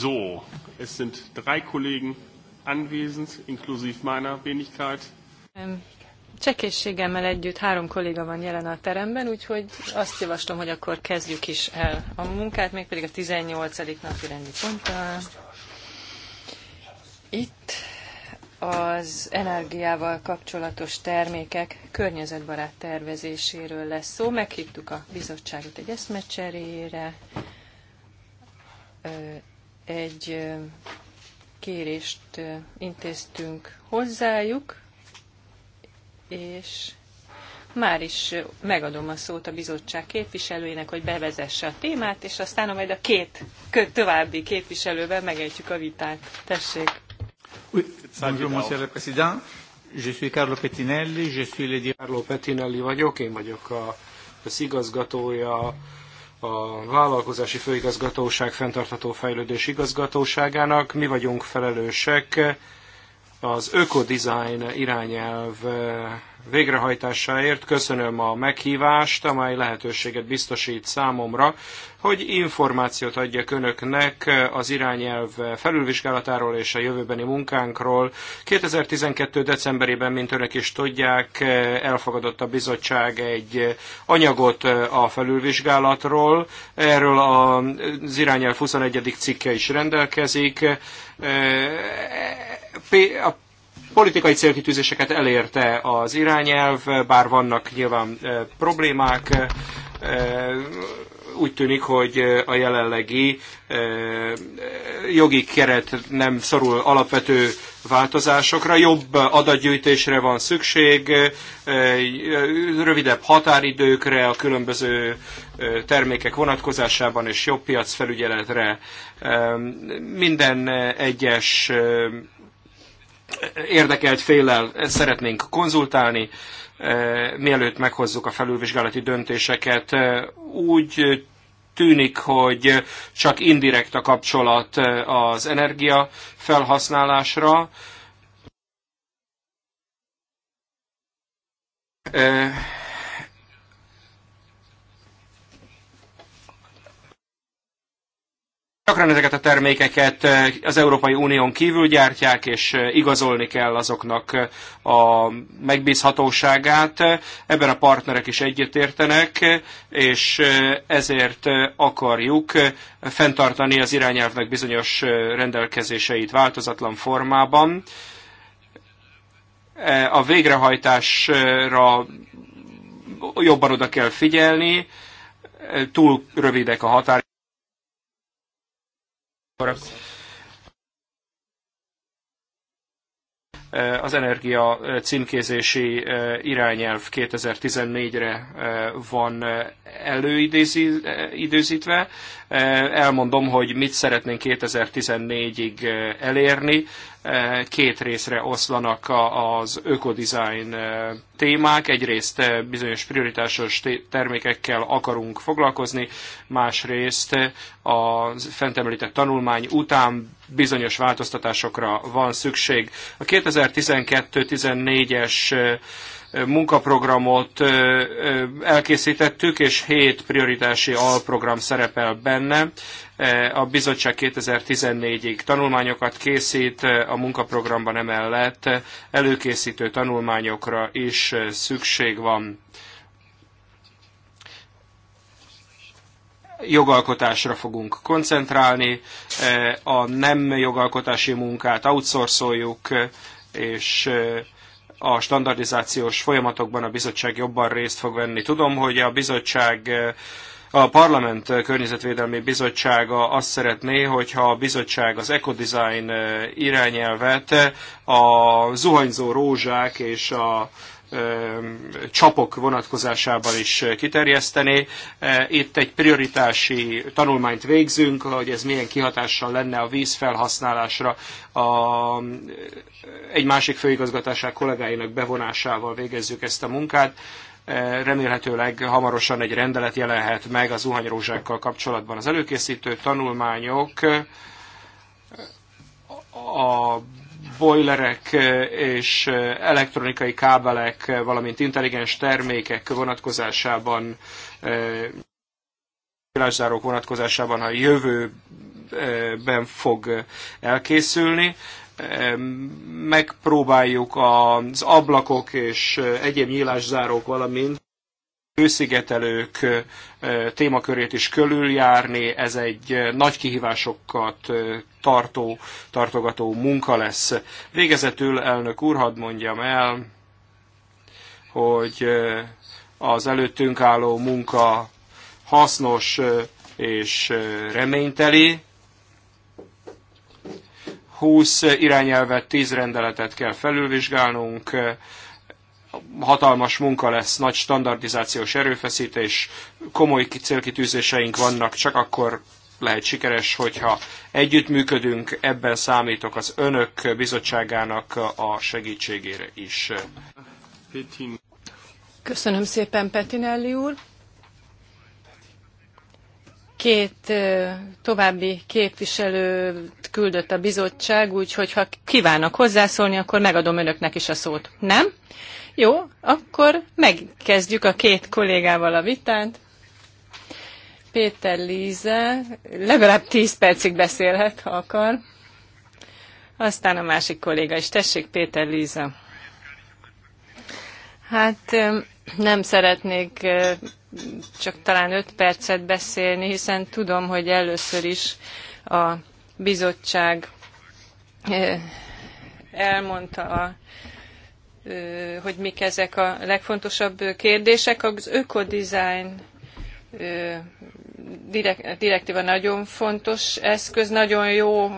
So, es sind drei Kollegen anwesend, inklusive meiner Wenigkeit. Csekészségemmel együtt három kolléga van jelen a teremben, úgyhogy azt javaslom, hogy akkor kezdjük is el a munkát, mégpedig a 18. napi rendi ponttal. Itt az energiával kapcsolatos termékek környezetbarát tervezéséről lesz szó. Meghívtuk a bizottságot egy eszmecserére, egy kérést intéztünk hozzájuk, és már is megadom a szót a bizottság képviselőjének, hogy bevezesse a témát, és aztán majd a két további képviselővel megejtjük a vitát. Tessék! Bonjour, monsieur le président. Je suis Carlo Pettinelli, je suis le... Carlo Pettinelli vagyok, én vagyok a, az igazgatója a vállalkozási főigazgatóság fenntartható fejlődés igazgatóságának. Mi vagyunk felelősek az ökodizájn irányelv végrehajtásáért köszönöm a meghívást, amely lehetőséget biztosít számomra, hogy információt adjak önöknek az irányelv felülvizsgálatáról és a jövőbeni munkánkról. 2012. decemberében, mint önök is tudják, elfogadott a bizottság egy anyagot a felülvizsgálatról. Erről az irányelv 21. cikke is rendelkezik. A politikai célkitűzéseket elérte az irányelv, bár vannak nyilván problémák, úgy tűnik, hogy a jelenlegi jogi keret nem szorul alapvető változásokra. Jobb adatgyűjtésre van szükség, rövidebb határidőkre a különböző termékek vonatkozásában és jobb piacfelügyeletre. Minden egyes érdekelt féllel szeretnénk konzultálni, eh, mielőtt meghozzuk a felülvizsgálati döntéseket. Eh, úgy tűnik, hogy csak indirekt a kapcsolat eh, az energia felhasználásra. Gyakran ezeket a termékeket eh, az Európai Unión kívül gyártják, és eh, igazolni kell azoknak eh, a megbízhatóságát. Ebben a partnerek is egyetértenek, és ezért akarjuk fenntartani az irányelvnek bizonyos rendelkezéseit változatlan formában. A végrehajtásra jobban oda kell figyelni, túl rövidek a határ az energia címkézési e, irányelv 2014-re e, van e, előidőzítve. Elmondom, hogy mit szeretnénk 2014-ig elérni két részre oszlanak az ökodizájn e, témák. Egyrészt e, bizonyos prioritásos termékekkel akarunk foglalkozni, másrészt e, a fent említett tanulmány után bizonyos változtatásokra van szükség. A 2012-14-es munkaprogramot elkészítettük, és hét prioritási alprogram szerepel benne. A bizottság 2014-ig tanulmányokat készít, a munkaprogramban emellett előkészítő tanulmányokra is szükség van. jogalkotásra fogunk koncentrálni, a nem jogalkotási munkát outsourcoljuk, és a standardizációs folyamatokban a bizottság jobban részt fog venni. Tudom, hogy a bizottság a Parlament Környezetvédelmi Bizottsága azt szeretné, hogyha a bizottság az ecodesign irányelvet a zuhanyzó rózsák és a csapok vonatkozásában is kiterjeszteni. Itt egy prioritási tanulmányt végzünk, hogy ez milyen kihatással lenne a vízfelhasználásra. A, egy másik főigazgatáság kollégáinak bevonásával végezzük ezt a munkát remélhetőleg hamarosan egy rendelet jelenhet meg az zuhanyrózsákkal kapcsolatban. Az előkészítő tanulmányok a bojlerek eh, és eh, elektronikai kábelek, eh, valamint intelligens termékek vonatkozásában, világzárók vonatkozásában a jövőben fog elkészülni megpróbáljuk az ablakok és egyéb nyílászárók, valamint őszigetelők témakörét is körüljárni. Ez egy nagy kihívásokat tartó, tartogató munka lesz. Végezetül, elnök úr, hadd mondjam el, hogy az előttünk álló munka hasznos és reményteli. 20 irányelvet, 10 rendeletet kell felülvizsgálnunk, hatalmas munka lesz, nagy standardizációs erőfeszítés, komoly célkitűzéseink vannak, csak akkor lehet sikeres, hogyha együttműködünk, ebben számítok az önök bizottságának a segítségére is. Köszönöm szépen, Petinelli úr. Két további képviselőt küldött a bizottság, úgyhogy ha kívánnak hozzászólni, akkor megadom önöknek is a szót. Nem? Jó, akkor megkezdjük a két kollégával a vitát. Péter Líze legalább 10 percig beszélhet, ha akar. Aztán a másik kolléga is. Tessék, Péter Líze. Hát nem szeretnék csak talán 5 percet beszélni, hiszen tudom, hogy először is a bizottság elmondta a hogy mik ezek a legfontosabb kérdések. Az ökodizájn direktíva nagyon fontos eszköz, nagyon jó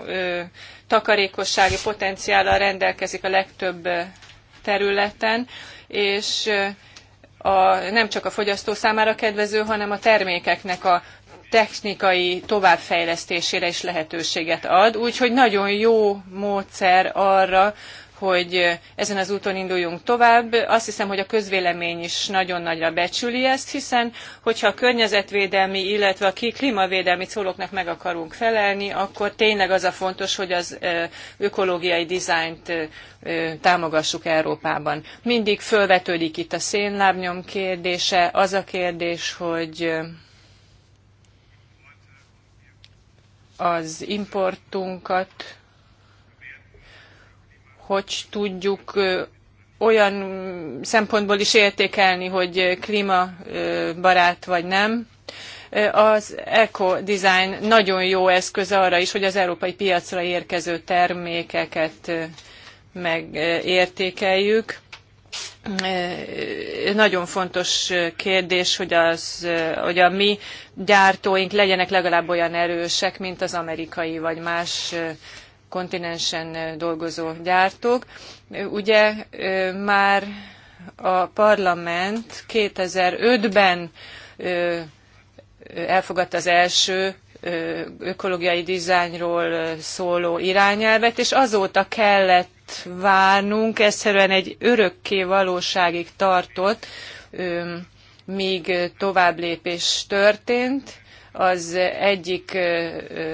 takarékossági potenciállal rendelkezik a legtöbb területen, és a, nem csak a fogyasztó számára kedvező, hanem a termékeknek a technikai továbbfejlesztésére is lehetőséget ad, úgyhogy nagyon jó módszer arra, hogy ezen az úton induljunk tovább. Azt hiszem, hogy a közvélemény is nagyon nagyra becsüli ezt, hiszen hogyha a környezetvédelmi, illetve a klímavédelmi céloknak meg akarunk felelni, akkor tényleg az a fontos, hogy az ökológiai dizájnt támogassuk Európában. Mindig fölvetődik itt a szénlábnyom kérdése, az a kérdés, hogy az importunkat hogy tudjuk olyan szempontból is értékelni, hogy klímabarát vagy nem. Az eco-design nagyon jó eszköz arra is, hogy az európai piacra érkező termékeket megértékeljük. Nagyon fontos kérdés, hogy, az, hogy a mi gyártóink legyenek legalább olyan erősek, mint az amerikai vagy más kontinensen dolgozó gyártók. Ugye már a parlament 2005-ben elfogadta az első ökológiai dizájnról szóló irányelvet, és azóta kellett várnunk, egyszerűen egy örökké valóságig tartott, míg tovább lépés történt az egyik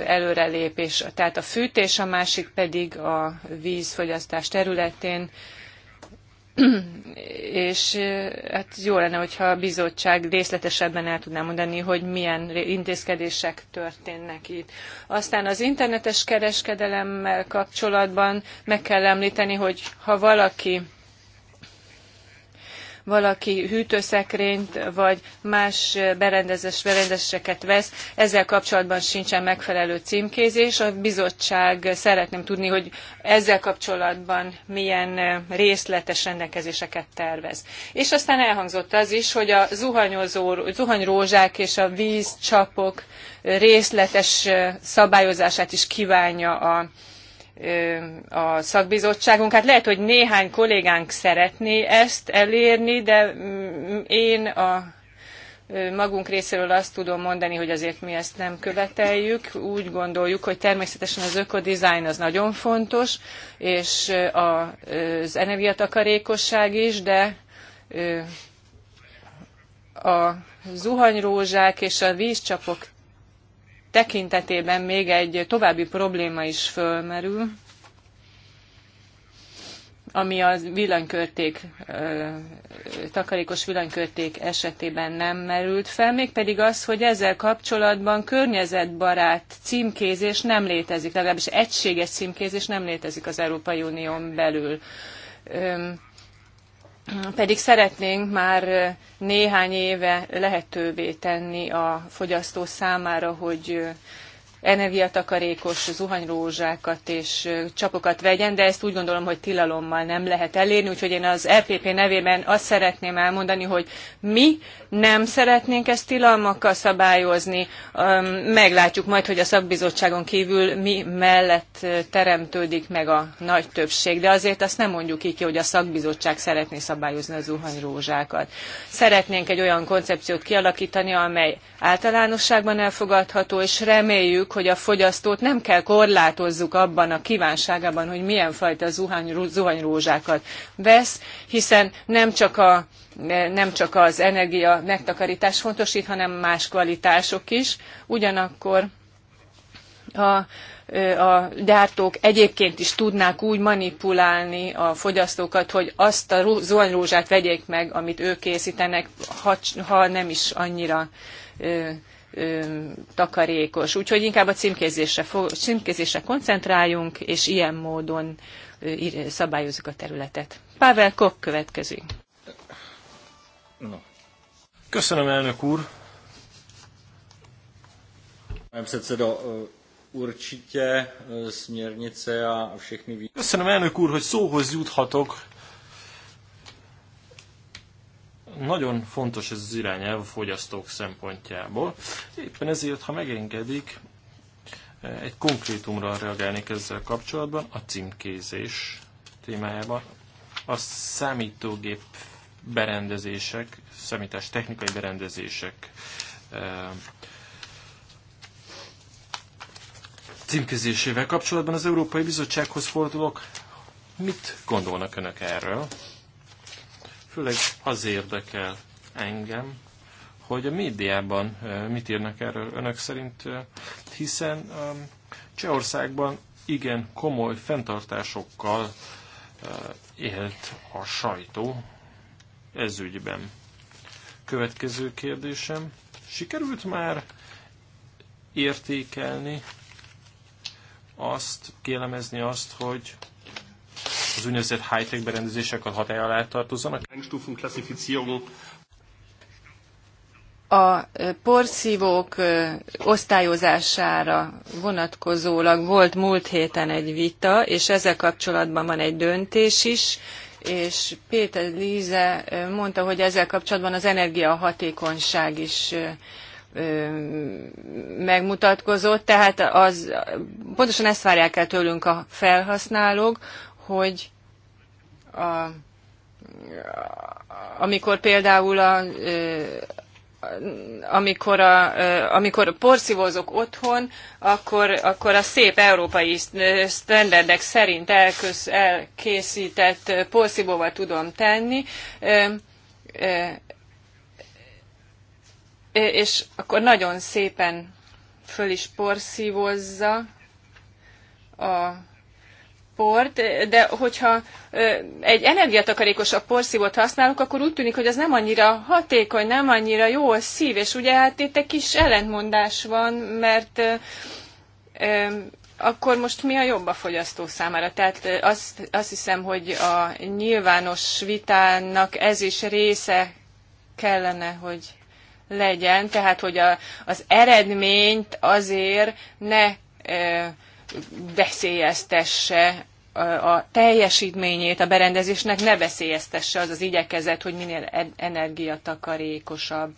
előrelépés, tehát a fűtés, a másik pedig a vízfogyasztás területén és hát jó lenne, hogyha a bizottság részletesebben el tudná mondani, hogy milyen intézkedések történnek itt. Aztán az internetes kereskedelemmel kapcsolatban meg kell említeni, hogy ha valaki valaki hűtőszekrényt vagy más berendezés, berendezéseket vesz, ezzel kapcsolatban sincsen megfelelő címkézés. A bizottság szeretném tudni, hogy ezzel kapcsolatban milyen részletes rendelkezéseket tervez. És aztán elhangzott az is, hogy a zuhanyozó, zuhanyrózsák és a vízcsapok részletes szabályozását is kívánja a a szakbizottságunk. Hát lehet, hogy néhány kollégánk szeretné ezt elérni, de mm, én a magunk részéről azt tudom mondani, hogy azért mi ezt nem követeljük. Úgy gondoljuk, hogy természetesen az ökodizájn az nagyon fontos, és az energiatakarékosság is, de a zuhanyrózsák és a vízcsapok tekintetében még egy további probléma is fölmerül, ami a villanykörték, takarékos villanykörték esetében nem merült fel, mégpedig az, hogy ezzel kapcsolatban környezetbarát címkézés nem létezik, legalábbis egységes címkézés nem létezik az Európai Unión belül pedig szeretnénk már néhány éve lehetővé tenni a fogyasztó számára, hogy energiatakarékos zuhanyrózsákat és csapokat vegyen, de ezt úgy gondolom, hogy tilalommal nem lehet elérni, úgyhogy én az LPP nevében azt szeretném elmondani, hogy mi nem szeretnénk ezt tilalmakkal szabályozni, meglátjuk majd, hogy a szakbizottságon kívül mi mellett teremtődik meg a nagy többség, de azért azt nem mondjuk így ki, hogy a szakbizottság szeretné szabályozni a zuhanyrózsákat. Szeretnénk egy olyan koncepciót kialakítani, amely általánosságban elfogadható, és reméljük, hogy a fogyasztót nem kell korlátozzuk abban a kívánságában, hogy milyen fajta zuhany, zuhanyrózsákat vesz, hiszen nem csak, a, nem csak az energia megtakarítás fontos itt, hanem más kvalitások is. Ugyanakkor a, a gyártók egyébként is tudnák úgy manipulálni a fogyasztókat, hogy azt a zuhanyrózsát vegyék meg, amit ők készítenek, ha, ha nem is annyira takarékos. Úgyhogy inkább a címkézésre, címkézésre koncentráljunk, és ilyen módon szabályozzuk a területet. Pável Kok következik. No. Köszönöm, elnök úr. Pane určitě směrnice a všechny... Köszönöm, elnök úr, hogy szóhoz juthatok nagyon fontos ez az irányelv a fogyasztók szempontjából. Éppen ezért, ha megengedik, egy konkrétumra reagálnék ezzel kapcsolatban, a címkézés témájában. A számítógép berendezések, számítás technikai berendezések eh, címkézésével kapcsolatban az Európai Bizottsághoz fordulok. Mit gondolnak önök erről? Főleg az érdekel engem, hogy a médiában mit írnak erről önök szerint, hiszen Csehországban igen komoly fenntartásokkal élt a sajtó ez ügyben. Következő kérdésem. Sikerült már értékelni azt, kélemezni azt, hogy az úgynevezett high-tech berendezések a hatály alá tartozzanak? a porszívók osztályozására vonatkozólag volt múlt héten egy vita, és ezzel kapcsolatban van egy döntés is, és Péter Líze mondta, hogy ezzel kapcsolatban az energiahatékonyság is megmutatkozott, tehát az, pontosan ezt várják el tőlünk a felhasználók, hogy a, amikor például a, amikor, a, amikor porszívózok otthon, akkor, akkor a szép európai sztenderdek szerint elkösz, elkészített porszívóval tudom tenni, és akkor nagyon szépen föl is porszívozza a port, de hogyha egy energiatakarékosabb porszívót használok, akkor úgy tűnik, hogy az nem annyira hatékony, nem annyira a szív, és ugye hát itt egy kis ellentmondás van, mert akkor most mi a jobb a fogyasztó számára? Tehát azt, azt hiszem, hogy a nyilvános vitának ez is része kellene, hogy legyen, tehát hogy a, az eredményt azért ne e, veszélyeztesse a teljesítményét a berendezésnek, ne veszélyeztesse az az igyekezet, hogy minél energiatakarékosabb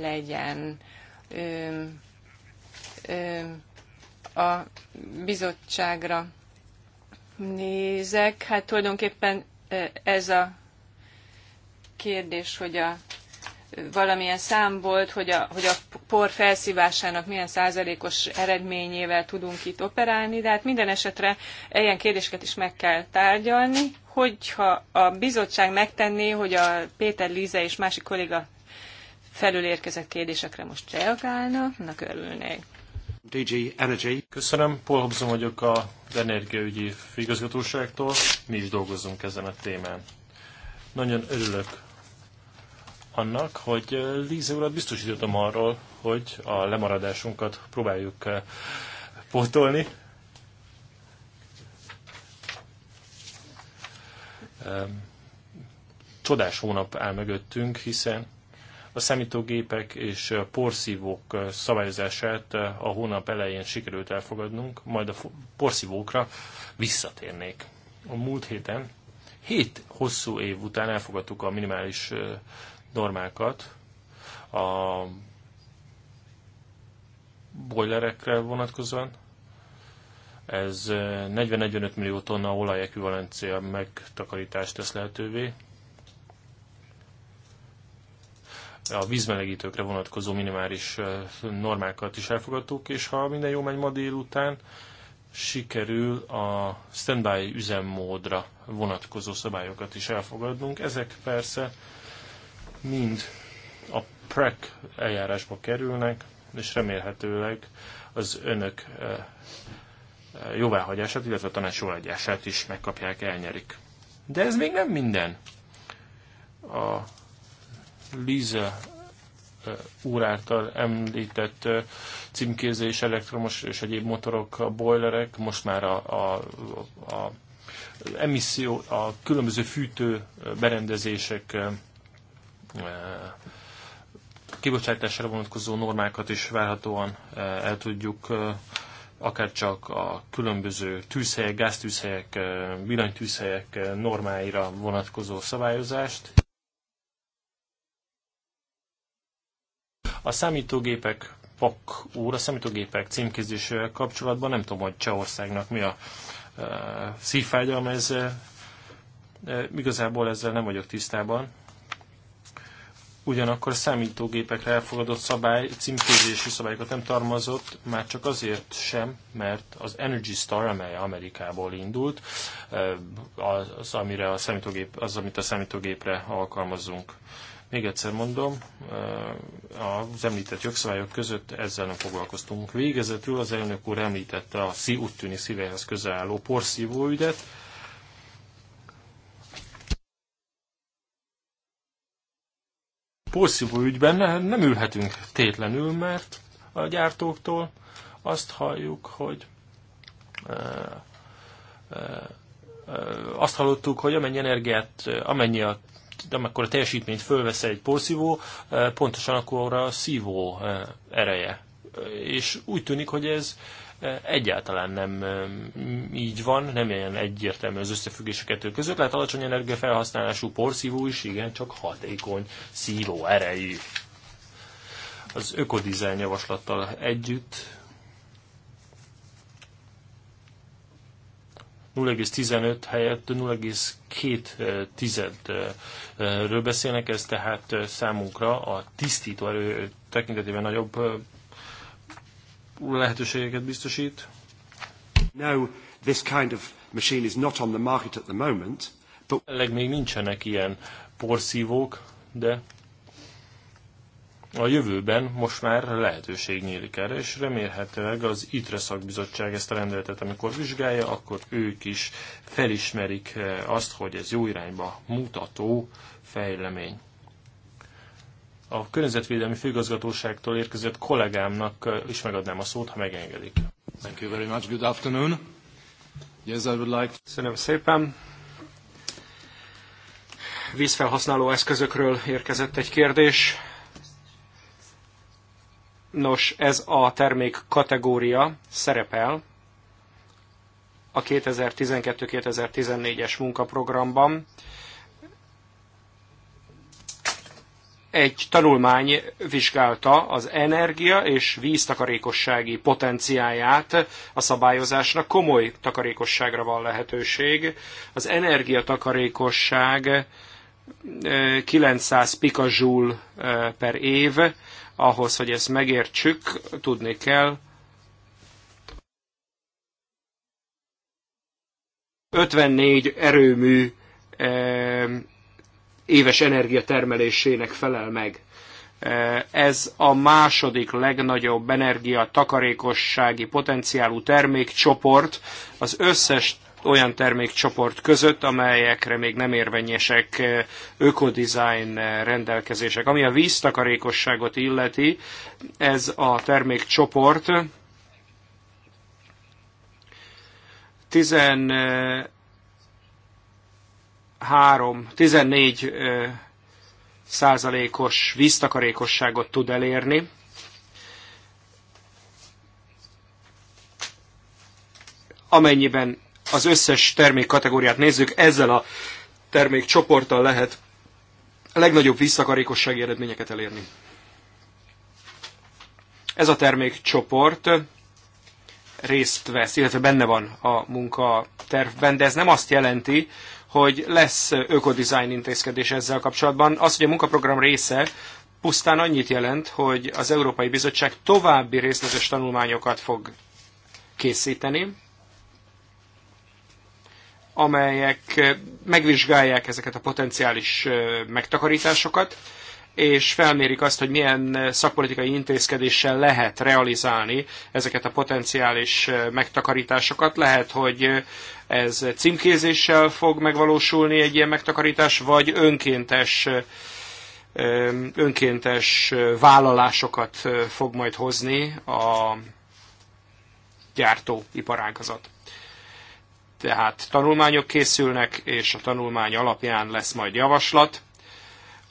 legyen. Ö, ö, a bizottságra nézek. Hát tulajdonképpen ez a kérdés, hogy a valamilyen szám volt, hogy a, hogy a por felszívásának milyen százalékos eredményével tudunk itt operálni, de hát minden esetre ilyen kérdéseket is meg kell tárgyalni, hogyha a bizottság megtenné, hogy a Péter Líze és másik kolléga felül érkezett kérdésekre most reagálna, annak örülnék. DG Energy. Köszönöm, Paul Hobson vagyok az Energiaügyi Igazgatóságtól. Mi is dolgozunk ezen a témán. Nagyon örülök annak, hogy Líze urat biztosítottam arról, hogy a lemaradásunkat próbáljuk pótolni. Csodás hónap áll mögöttünk, hiszen a számítógépek és a porszívók szabályozását a hónap elején sikerült elfogadnunk, majd a porszívókra visszatérnék. A múlt héten, hét hosszú év után elfogadtuk a minimális normákat a bojlerekre vonatkozóan. Ez 40-45 eh, millió tonna ekvivalencia megtakarítást tesz lehetővé. A vízmelegítőkre vonatkozó minimális eh, normákat is elfogadtuk, és ha minden jó megy ma délután, sikerül a standby üzemmódra vonatkozó szabályokat is elfogadnunk. Ezek persze mind a PREC eljárásba kerülnek, és remélhetőleg az önök eh, eh, jóváhagyását, illetve a tanács jóváhagyását is megkapják, elnyerik. De ez még nem minden. A Liza eh, úr által említett címkézés, elektromos és egyéb motorok, a boilerek, most már a, a, a emisszió, a különböző fűtő berendezések kibocsátásra vonatkozó normákat is várhatóan el tudjuk akár csak a különböző tűzhelyek, gáztűzhelyek, villanytűzhelyek normáira vonatkozó szabályozást. A számítógépek POK úr, a számítógépek címkézésével kapcsolatban nem tudom, hogy Csehországnak mi a szívfájdalma ez igazából ezzel nem vagyok tisztában ugyanakkor a számítógépekre elfogadott szabály, címkézési szabályokat nem tarmazott, már csak azért sem, mert az Energy Star, amely Amerikából indult, eh, az, amire a számítógép, az, amit a számítógépre alkalmazunk. Még egyszer mondom, eh, az említett jogszabályok között ezzel nem foglalkoztunk. Végezetül az elnök úr említette a úgy tűnik szívehez közel álló porszívó ügyet, porszívó ügyben nem ülhetünk tétlenül, mert a gyártóktól azt halljuk, hogy e, e, e, azt hallottuk, hogy amennyi energiát, amennyi a amikor a teljesítményt fölvesz egy porszívó, pontosan akkor a szívó ereje. És úgy tűnik, hogy ez egyáltalán nem így van, nem ilyen egyértelmű az összefüggés a kettő között. Lehet alacsony energiafelhasználású porszívó is, igen, csak hatékony szívó erejű. Az ökodizájn javaslattal együtt 0,15 helyett 0,2-ről beszélnek, ez tehát számunkra a tisztító erő tekintetében nagyobb lehetőségeket biztosít. No, this kind of machine is not on the market at the moment, but... Leg még nincsenek ilyen porszívók, de a jövőben most már lehetőség nyílik erre, és remélhetőleg az ITRE szakbizottság ezt a rendeletet, amikor vizsgálja, akkor ők is felismerik eh, azt, hogy ez jó irányba mutató fejlemény a Környezetvédelmi Főigazgatóságtól érkezett kollégámnak is megadnám a szót, ha megengedik. Thank you very much. Good afternoon. Yes, I would like... To... szépen. Vízfelhasználó eszközökről érkezett egy kérdés. Nos, ez a termék kategória szerepel a 2012-2014-es munkaprogramban. egy tanulmány vizsgálta az energia és víztakarékossági potenciáját a szabályozásnak. Komoly takarékosságra van lehetőség. Az energiatakarékosság 900 eh, pikazsúl eh, per év, ahhoz, hogy ezt megértsük, tudni kell, 54 erőmű eh, éves energiatermelésének felel meg. E, ez a második legnagyobb takarékossági potenciálú termékcsoport az összes olyan termékcsoport között, amelyekre még nem érvényesek e, ökodizájn rendelkezések. Ami a víztakarékosságot illeti, ez a termékcsoport 10 3, 14 százalékos víztakarékosságot tud elérni. Amennyiben az összes termékkategóriát nézzük, ezzel a termékcsoporttal lehet a legnagyobb visszakarékossági eredményeket elérni. Ez a termékcsoport részt vesz, illetve benne van a munkatervben, de ez nem azt jelenti, hogy lesz ökodizájn intézkedés ezzel kapcsolatban. Az, hogy a munkaprogram része pusztán annyit jelent, hogy az Európai Bizottság további részletes tanulmányokat fog készíteni, amelyek megvizsgálják ezeket a potenciális megtakarításokat, és felmérik azt, hogy milyen eh, szakpolitikai intézkedéssel lehet realizálni ezeket a potenciális eh, megtakarításokat. Lehet, hogy eh, ez címkézéssel fog megvalósulni egy ilyen megtakarítás, vagy önkéntes önkéntes vállalásokat fog majd hozni a gyártóiparágazat. Tehát tanulmányok készülnek, és a tanulmány alapján lesz majd javaslat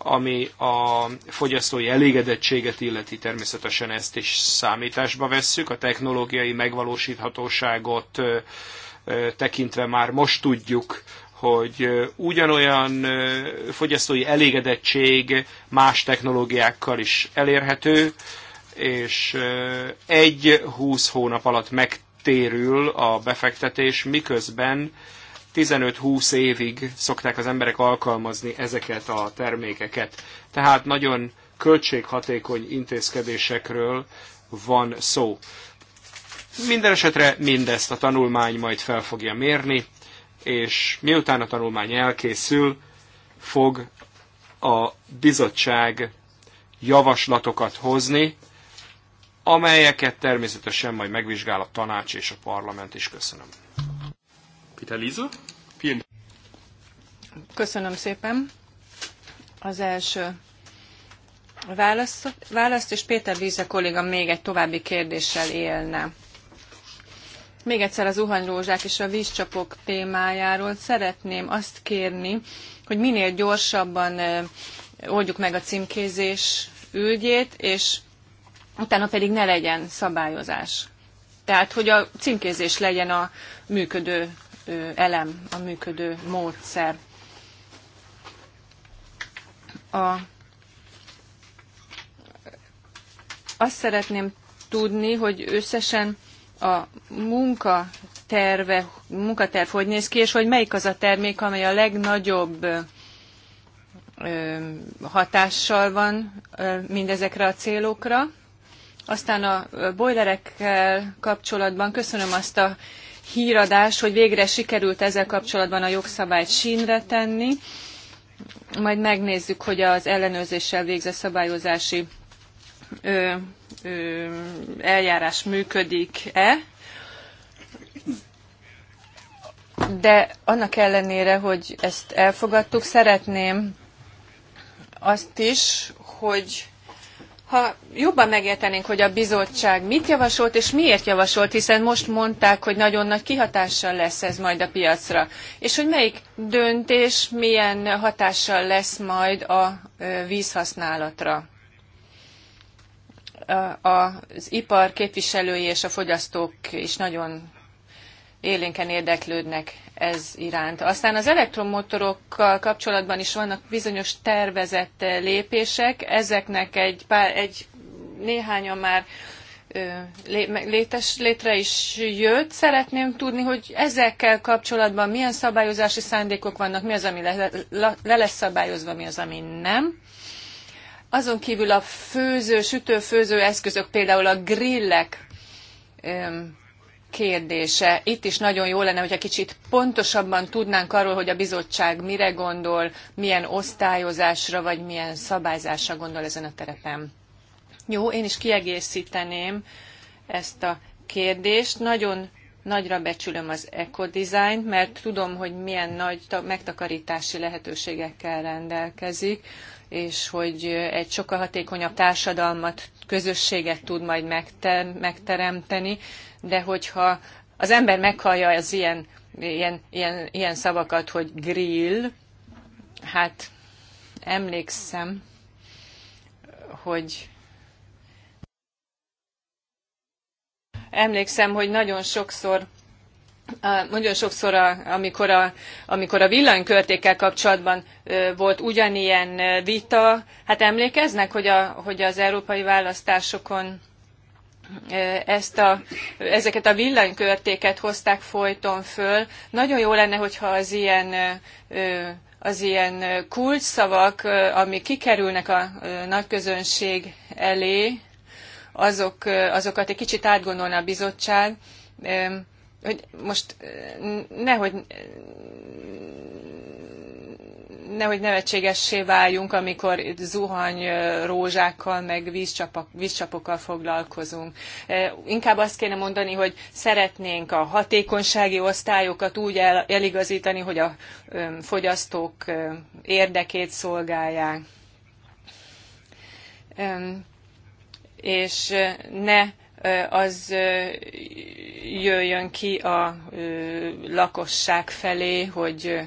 ami a fogyasztói elégedettséget illeti, természetesen ezt is számításba vesszük, a technológiai megvalósíthatóságot tekintve már most tudjuk, hogy ugyanolyan fogyasztói elégedettség más technológiákkal is elérhető, és egy-húsz hónap alatt megtérül a befektetés, miközben 15-20 évig szokták az emberek alkalmazni ezeket a termékeket. Tehát nagyon költséghatékony intézkedésekről van szó. Minden esetre mindezt a tanulmány majd fel fogja mérni, és miután a tanulmány elkészül, fog a bizottság javaslatokat hozni, amelyeket természetesen majd megvizsgál a tanács és a parlament is. Köszönöm. Peter Liese. Vielen Köszönöm szépen az első választ, és Péter Líze kolléga még egy további kérdéssel élne. Még egyszer az uhanyrózsák és a vízcsapok témájáról szeretném azt kérni, hogy minél gyorsabban oldjuk meg a címkézés ügyét, és utána pedig ne legyen szabályozás. Tehát, hogy a címkézés legyen a működő elem, a működő módszer. A, azt szeretném tudni, hogy összesen a munka terve, munkaterv hogy néz ki, és hogy melyik az a termék, amely a legnagyobb hatással van mindezekre a célokra. Aztán a bojlerekkel kapcsolatban köszönöm azt a híradás, hogy végre sikerült ezzel kapcsolatban a jogszabályt sínre tenni. Majd megnézzük, hogy az ellenőrzéssel végzett szabályozási ö, ö, eljárás működik-e. De annak ellenére, hogy ezt elfogadtuk, szeretném azt is, hogy ha jobban megértenénk, hogy a bizottság mit javasolt és miért javasolt, hiszen most mondták, hogy nagyon nagy kihatással lesz ez majd a piacra, és hogy melyik döntés milyen hatással lesz majd a vízhasználatra. Az ipar képviselői és a fogyasztók is nagyon élénken érdeklődnek ez iránt. Aztán az elektromotorokkal kapcsolatban is vannak bizonyos tervezett lépések, ezeknek egy, pár, egy néhányan már létes, létre is jött. Szeretném tudni, hogy ezekkel kapcsolatban milyen szabályozási szándékok vannak, mi az, ami le, le, lesz szabályozva, mi az, ami nem. Azon kívül a főző, sütőfőző eszközök, például a grillek kérdése. Itt is nagyon jó lenne, hogyha kicsit pontosabban tudnánk arról, hogy a bizottság mire gondol, milyen osztályozásra vagy milyen szabályzásra gondol ezen a terepen. Jó, én is kiegészíteném ezt a kérdést. Nagyon nagyra becsülöm az ekodizájnt, mert tudom, hogy milyen nagy megtakarítási lehetőségekkel rendelkezik és hogy egy sokkal hatékonyabb társadalmat, közösséget tud majd megteremteni, de hogyha az ember meghallja az ilyen, ilyen, ilyen, ilyen szavakat, hogy grill, hát emlékszem, hogy emlékszem, hogy nagyon sokszor nagyon sokszor, a, amikor, a, amikor a villanykörtékkel kapcsolatban volt ugyanilyen vita, hát emlékeznek, hogy, a, hogy az európai választásokon ezt a, ezeket a villanykörtéket hozták folyton föl. Nagyon jó lenne, hogyha az ilyen az ilyen kulcsszavak, amik kikerülnek a nagyközönség elé, azok, azokat egy kicsit átgondolna a bizottság, hogy most eh, nehogy eh, nehogy nevetségessé váljunk, amikor zuhany eh, rózsákkal, meg vízcsapok, vízcsapokkal foglalkozunk. Inkább azt kéne mondani, hogy szeretnénk a hatékonysági osztályokat úgy el, eligazítani, hogy a fogyasztók érdekét szolgálják. És ne az jöjjön ki a lakosság felé, hogy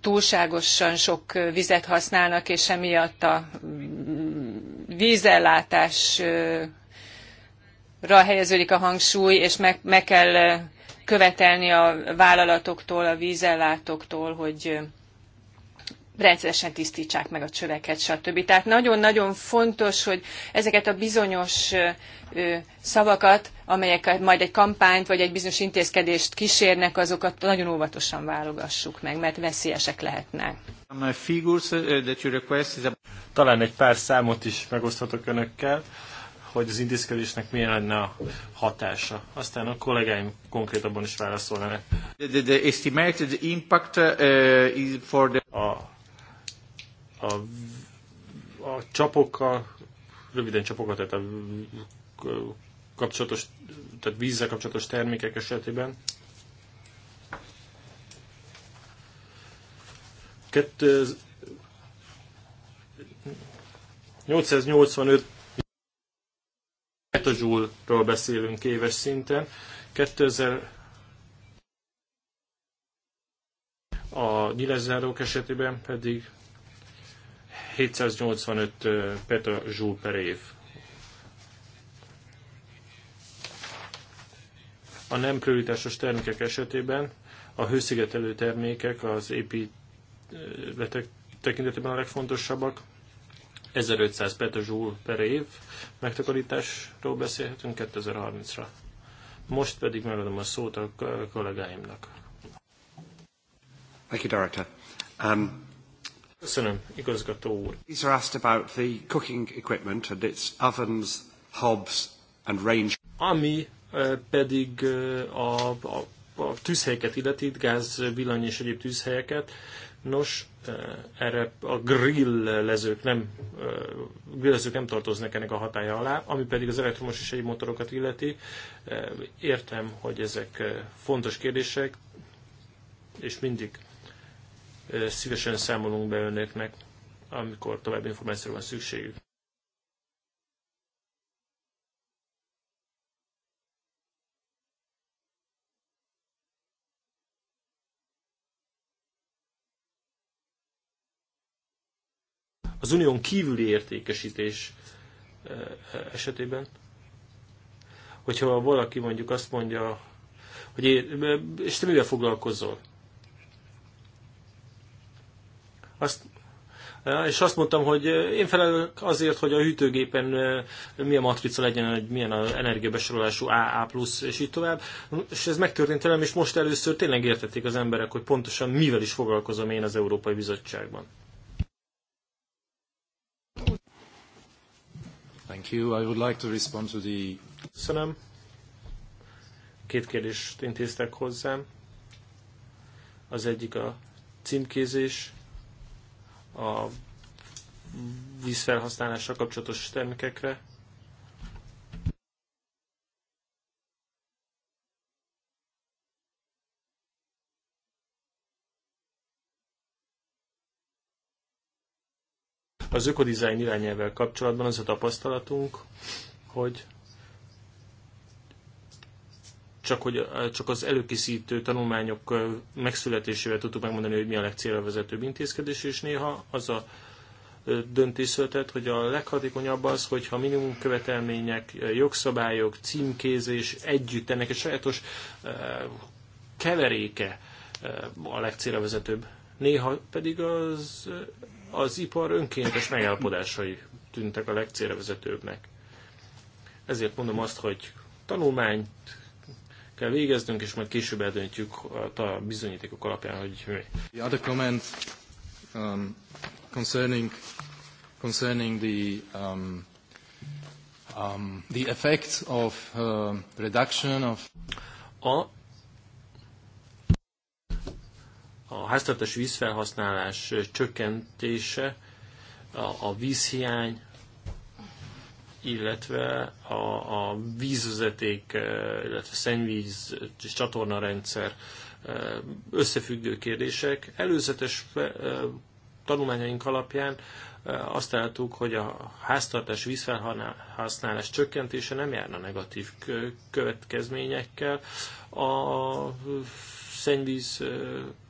túlságosan sok vizet használnak, és emiatt a mm, vízellátásra helyeződik a hangsúly, és meg, meg kell követelni a vállalatoktól, a vízellátóktól, hogy rendszeresen tisztítsák meg a csöveket, stb. Tehát nagyon-nagyon fontos, hogy ezeket a bizonyos szavakat, amelyek majd egy kampányt vagy egy bizonyos intézkedést kísérnek, azokat nagyon óvatosan válogassuk meg, mert veszélyesek lehetnek. Uh, Talán egy pár számot is megoszthatok önökkel hogy az intézkedésnek milyen lenne a hatása. Aztán a kollégáim konkrétabban is válaszolnának. Uh, a a, a csapokkal, röviden csapokkal, tehát a kapcsolatos, tehát vízzel kapcsolatos termékek esetében 885 petajoule-ról beszélünk éves szinten. 2000 a nyilezárók esetében pedig 785 petajoule per év. A nem prioritásos termékek esetében a hőszigetelő termékek az épületek tekintetében a legfontosabbak. 1500 petajoule per év megtakarításról beszélhetünk 2030-ra. Most pedig megadom a szót a kollégáimnak. Thank you, Director. Um, Köszönöm, igazgató úr. These are asked about the cooking equipment and its ovens, hobs and range. Ami eh, pedig eh, a, a, a tűzhelyeket illeti, gáz, villany és egyéb tűzhelyeket. Nos, eh, erre a grillezők nem, grillezők nem tartoznak ennek a hatája alá, ami pedig az elektromos és egyéb motorokat illeti. Értem, hogy ezek fontos kérdések, és mindig Szívesen számolunk be önöknek, amikor további információra van szükségük. az unión kívüli értékesítés esetében, hogyha valaki mondjuk azt mondja, hogy és te mivel foglalkozol? Azt, és azt mondtam, hogy én felelök azért, hogy a hűtőgépen milyen matrica legyen, hogy milyen az energiabesorolású AA+, és így tovább. És ez megtörtént velem, és most először tényleg értették az emberek, hogy pontosan mivel is foglalkozom én az Európai Bizottságban. Thank you. I would like to respond to the... Köszönöm. Két kérdést intéztek hozzám. Az egyik a címkézés, a vízfelhasználással kapcsolatos termékekre. Az ökodizájn irányelvvel kapcsolatban az a tapasztalatunk, hogy csak, hogy, csak az előkészítő tanulmányok megszületésével tudtuk megmondani, hogy mi a legcélra vezetőbb intézkedés, és néha az a döntés született, hogy a leghatékonyabb az, hogyha minimum követelmények, jogszabályok, címkézés együtt, ennek egy sajátos keveréke a legcélra vezetőbb. Néha pedig az, az ipar önkéntes megállapodásai tűntek a legcélra vezetőbbnek. Ezért mondom azt, hogy tanulmányt kell végeznünk, és majd később eldöntjük a bizonyítékok alapján, hogy mi. The other comment um, concerning, concerning the, um, um, the effect of uh, reduction of... A a háztartási vízfelhasználás csökkentése, a, a vízhiány, illetve a, a vízvezeték, eh, illetve szennyvíz és rendszer eh, összefüggő kérdések. Előzetes eh, tanulmányaink alapján azt láttuk, hogy a háztartás vízfelhasználás csökkentése nem járna negatív következményekkel a szennyvíz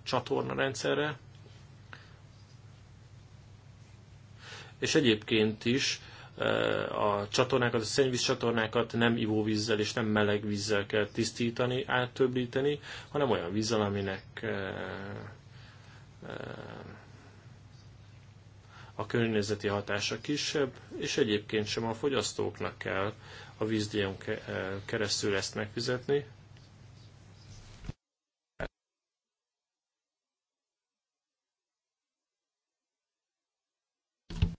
csatorna rendszerre. És egyébként is a csatornákat, a szennyvíz csatornákat nem ivóvízzel és nem meleg vízzel kell tisztítani, áttöblíteni, hanem olyan vízzel, aminek eh, eh, a környezeti hatása kisebb, és egyébként sem a fogyasztóknak kell a vízdíjon eh, keresztül ezt megfizetni,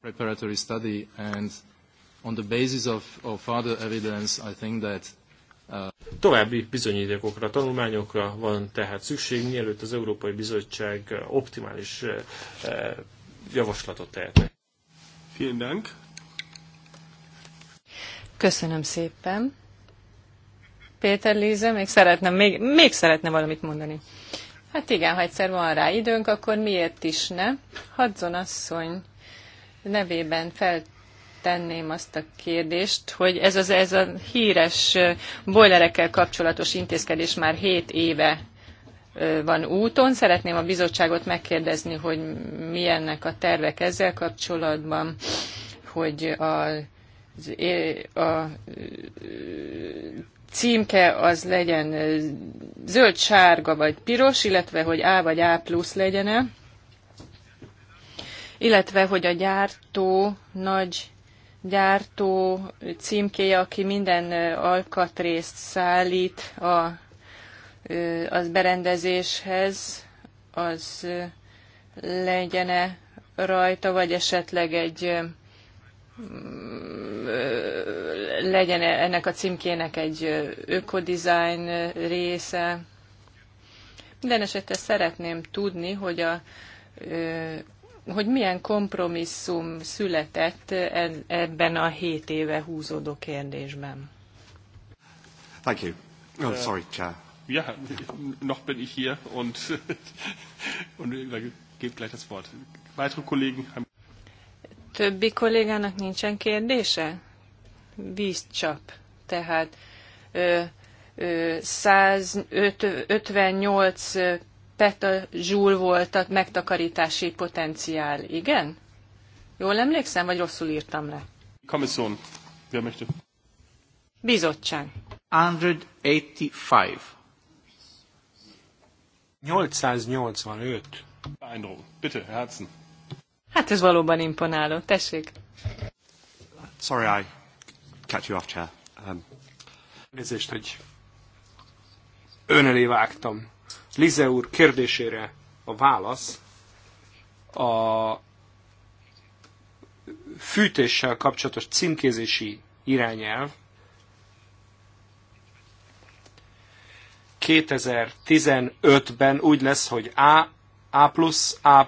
preparatory study and on the basis of, of further evidence I think that uh, További bizonyítékokra, tanulmányokra van tehát szükség, mielőtt az Európai Bizottság uh, optimális uh, javaslatot tehetne. Vielen Dank. Köszönöm szépen. Péter Líze, még szeretne, még, még szeretne valamit mondani. Hát igen, ha egyszer van rá időnk, akkor miért is ne? Hadzon asszony nevében feltenném azt a kérdést, hogy ez, az, ez a híres bojlerekkel kapcsolatos intézkedés már 7 éve van úton. Szeretném a bizottságot megkérdezni, hogy milyennek a tervek ezzel kapcsolatban, hogy a, a címke az legyen zöld, sárga vagy piros, illetve hogy A vagy A plusz legyen -e illetve hogy a gyártó, nagy gyártó címkéje, aki minden alkatrészt szállít a, az berendezéshez, az legyene rajta, vagy esetleg egy legyen ennek a címkének egy ökodizájn része. Minden esetre szeretném tudni, hogy a hogy milyen kompromisszum született ebben a hét éve húzódó kérdésben. Thank you. Oh, sorry, Chair. Ja, noch bin ich hier und, und gebe gleich das Wort. Weitere Kollegen haben... Többi kollégának nincsen kérdése? Vízcsap. Tehát ö, ö, 158 zsúl volt a megtakarítási potenciál, igen? Jól emlékszem, vagy rosszul írtam le? Kommission, wer möchte? Bizottság. 185. 885. Bitte, Herzen. Hát ez valóban imponáló. Tessék. Sorry, I catch you off chair. Um... Nézést, hogy ön elé vágtam. Lize úr kérdésére a válasz a fűtéssel kapcsolatos címkézési irányelv 2015-ben úgy lesz, hogy A, A+, A++.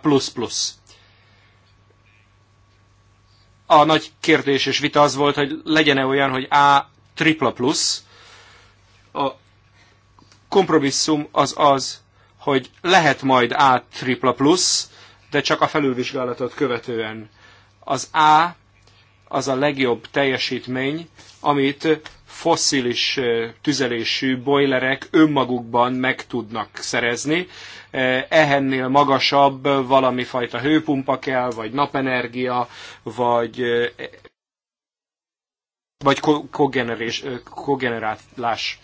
A nagy kérdés és vita az volt, hogy legyen-e olyan, hogy A tripla plusz. A kompromisszum az az, hogy lehet majd A tripla plusz, de csak a felülvizsgálatot követően. Az A az a legjobb teljesítmény, amit fosszilis eh, tüzelésű bojlerek önmagukban meg tudnak szerezni. Eh, ehennél magasabb valami fajta hőpumpa kell, vagy napenergia, vagy eh, vagy kogenerálás.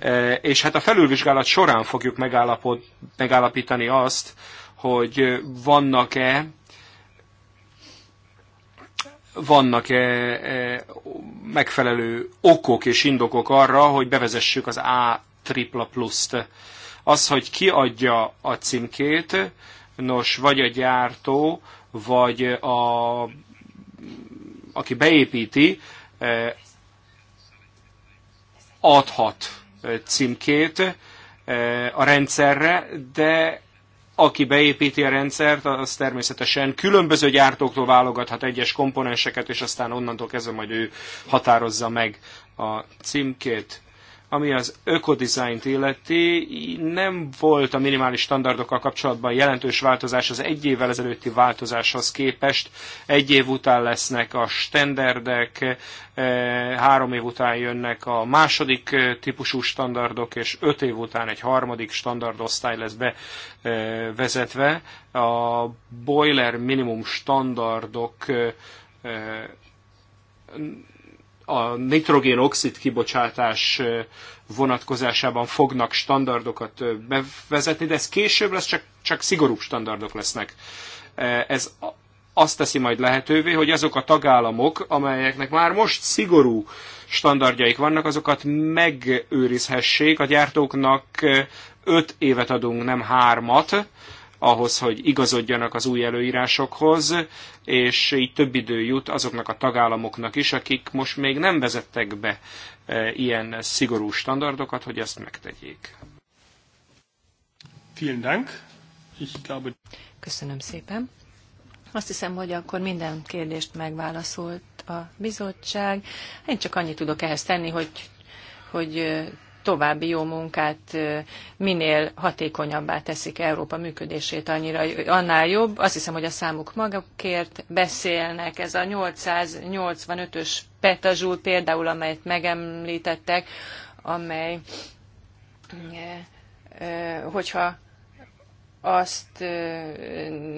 E, és hát a felülvizsgálat során fogjuk megállapod megállapítani azt, hogy vannak-e vannak-e e, megfelelő okok és indokok arra, hogy bevezessük az A tripla pluszt. Az, hogy ki adja a címkét, nos, vagy a gyártó, vagy a, aki beépíti, e, adhat címkét eh, a rendszerre, de aki beépíti a rendszert, az természetesen különböző gyártóktól válogathat egyes komponenseket, és aztán onnantól kezdve majd ő határozza meg a címkét. Ami az ökodizájnt illeti, nem volt a minimális standardokkal kapcsolatban jelentős változás az egy évvel ezelőtti változáshoz képest. Egy év után lesznek a standardek, eh, három év után jönnek a második eh, típusú standardok, és öt év után egy harmadik standardosztály lesz bevezetve. Eh, a boiler minimum standardok a nitrogén-oxid kibocsátás vonatkozásában fognak standardokat bevezetni, de ez később lesz, csak, csak szigorúbb standardok lesznek. Ez azt teszi majd lehetővé, hogy azok a tagállamok, amelyeknek már most szigorú standardjaik vannak, azokat megőrizhessék. A gyártóknak öt évet adunk, nem hármat, ahhoz, hogy igazodjanak az új előírásokhoz, és így több idő jut azoknak a tagállamoknak is, akik most még nem vezettek be e, ilyen szigorú standardokat, hogy ezt megtegyék. Vielen Dank. Ich glaube... Köszönöm szépen. Azt hiszem, hogy akkor minden kérdést megválaszolt a bizottság. Én csak annyit tudok ehhez tenni, hogy, hogy további jó munkát minél hatékonyabbá teszik Európa működését, annyira, annál jobb. Azt hiszem, hogy a számuk magukért beszélnek. Ez a 885-ös petazsúl például, amelyet megemlítettek, amely hogyha azt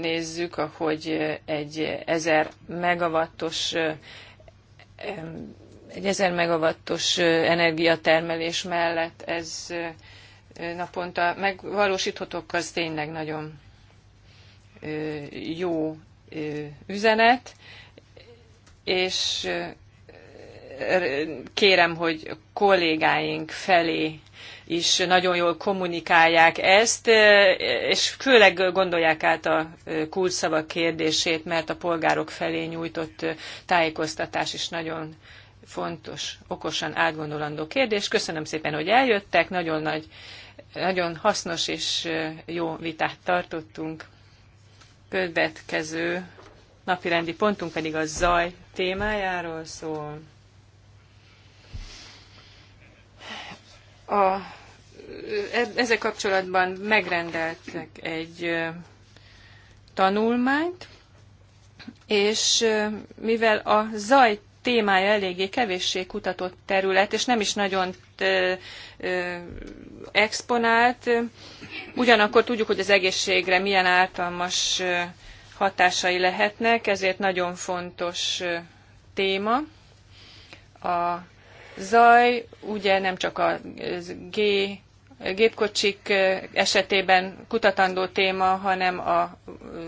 nézzük, hogy egy 1000 megawattos egy 1000 megawattos energiatermelés mellett ez naponta megvalósíthatók, az tényleg nagyon jó üzenet, és kérem, hogy kollégáink felé is nagyon jól kommunikálják ezt, és főleg gondolják át a kulcsszavak kérdését, mert a polgárok felé nyújtott tájékoztatás is nagyon fontos, okosan átgondolandó kérdés. Köszönöm szépen, hogy eljöttek, nagyon nagy, nagyon hasznos és jó vitát tartottunk. Következő napirendi pontunk pedig a zaj témájáról szól. A, e-, ezzel kapcsolatban megrendeltek egy tanulmányt, és mivel a zaj témája eléggé kevéssé kutatott terület, és nem is nagyon exponált. Ugyanakkor tudjuk, hogy az egészségre milyen ártalmas hatásai lehetnek, ezért nagyon fontos téma. A zaj ugye nem csak a G gépkocsik esetében kutatandó téma, hanem a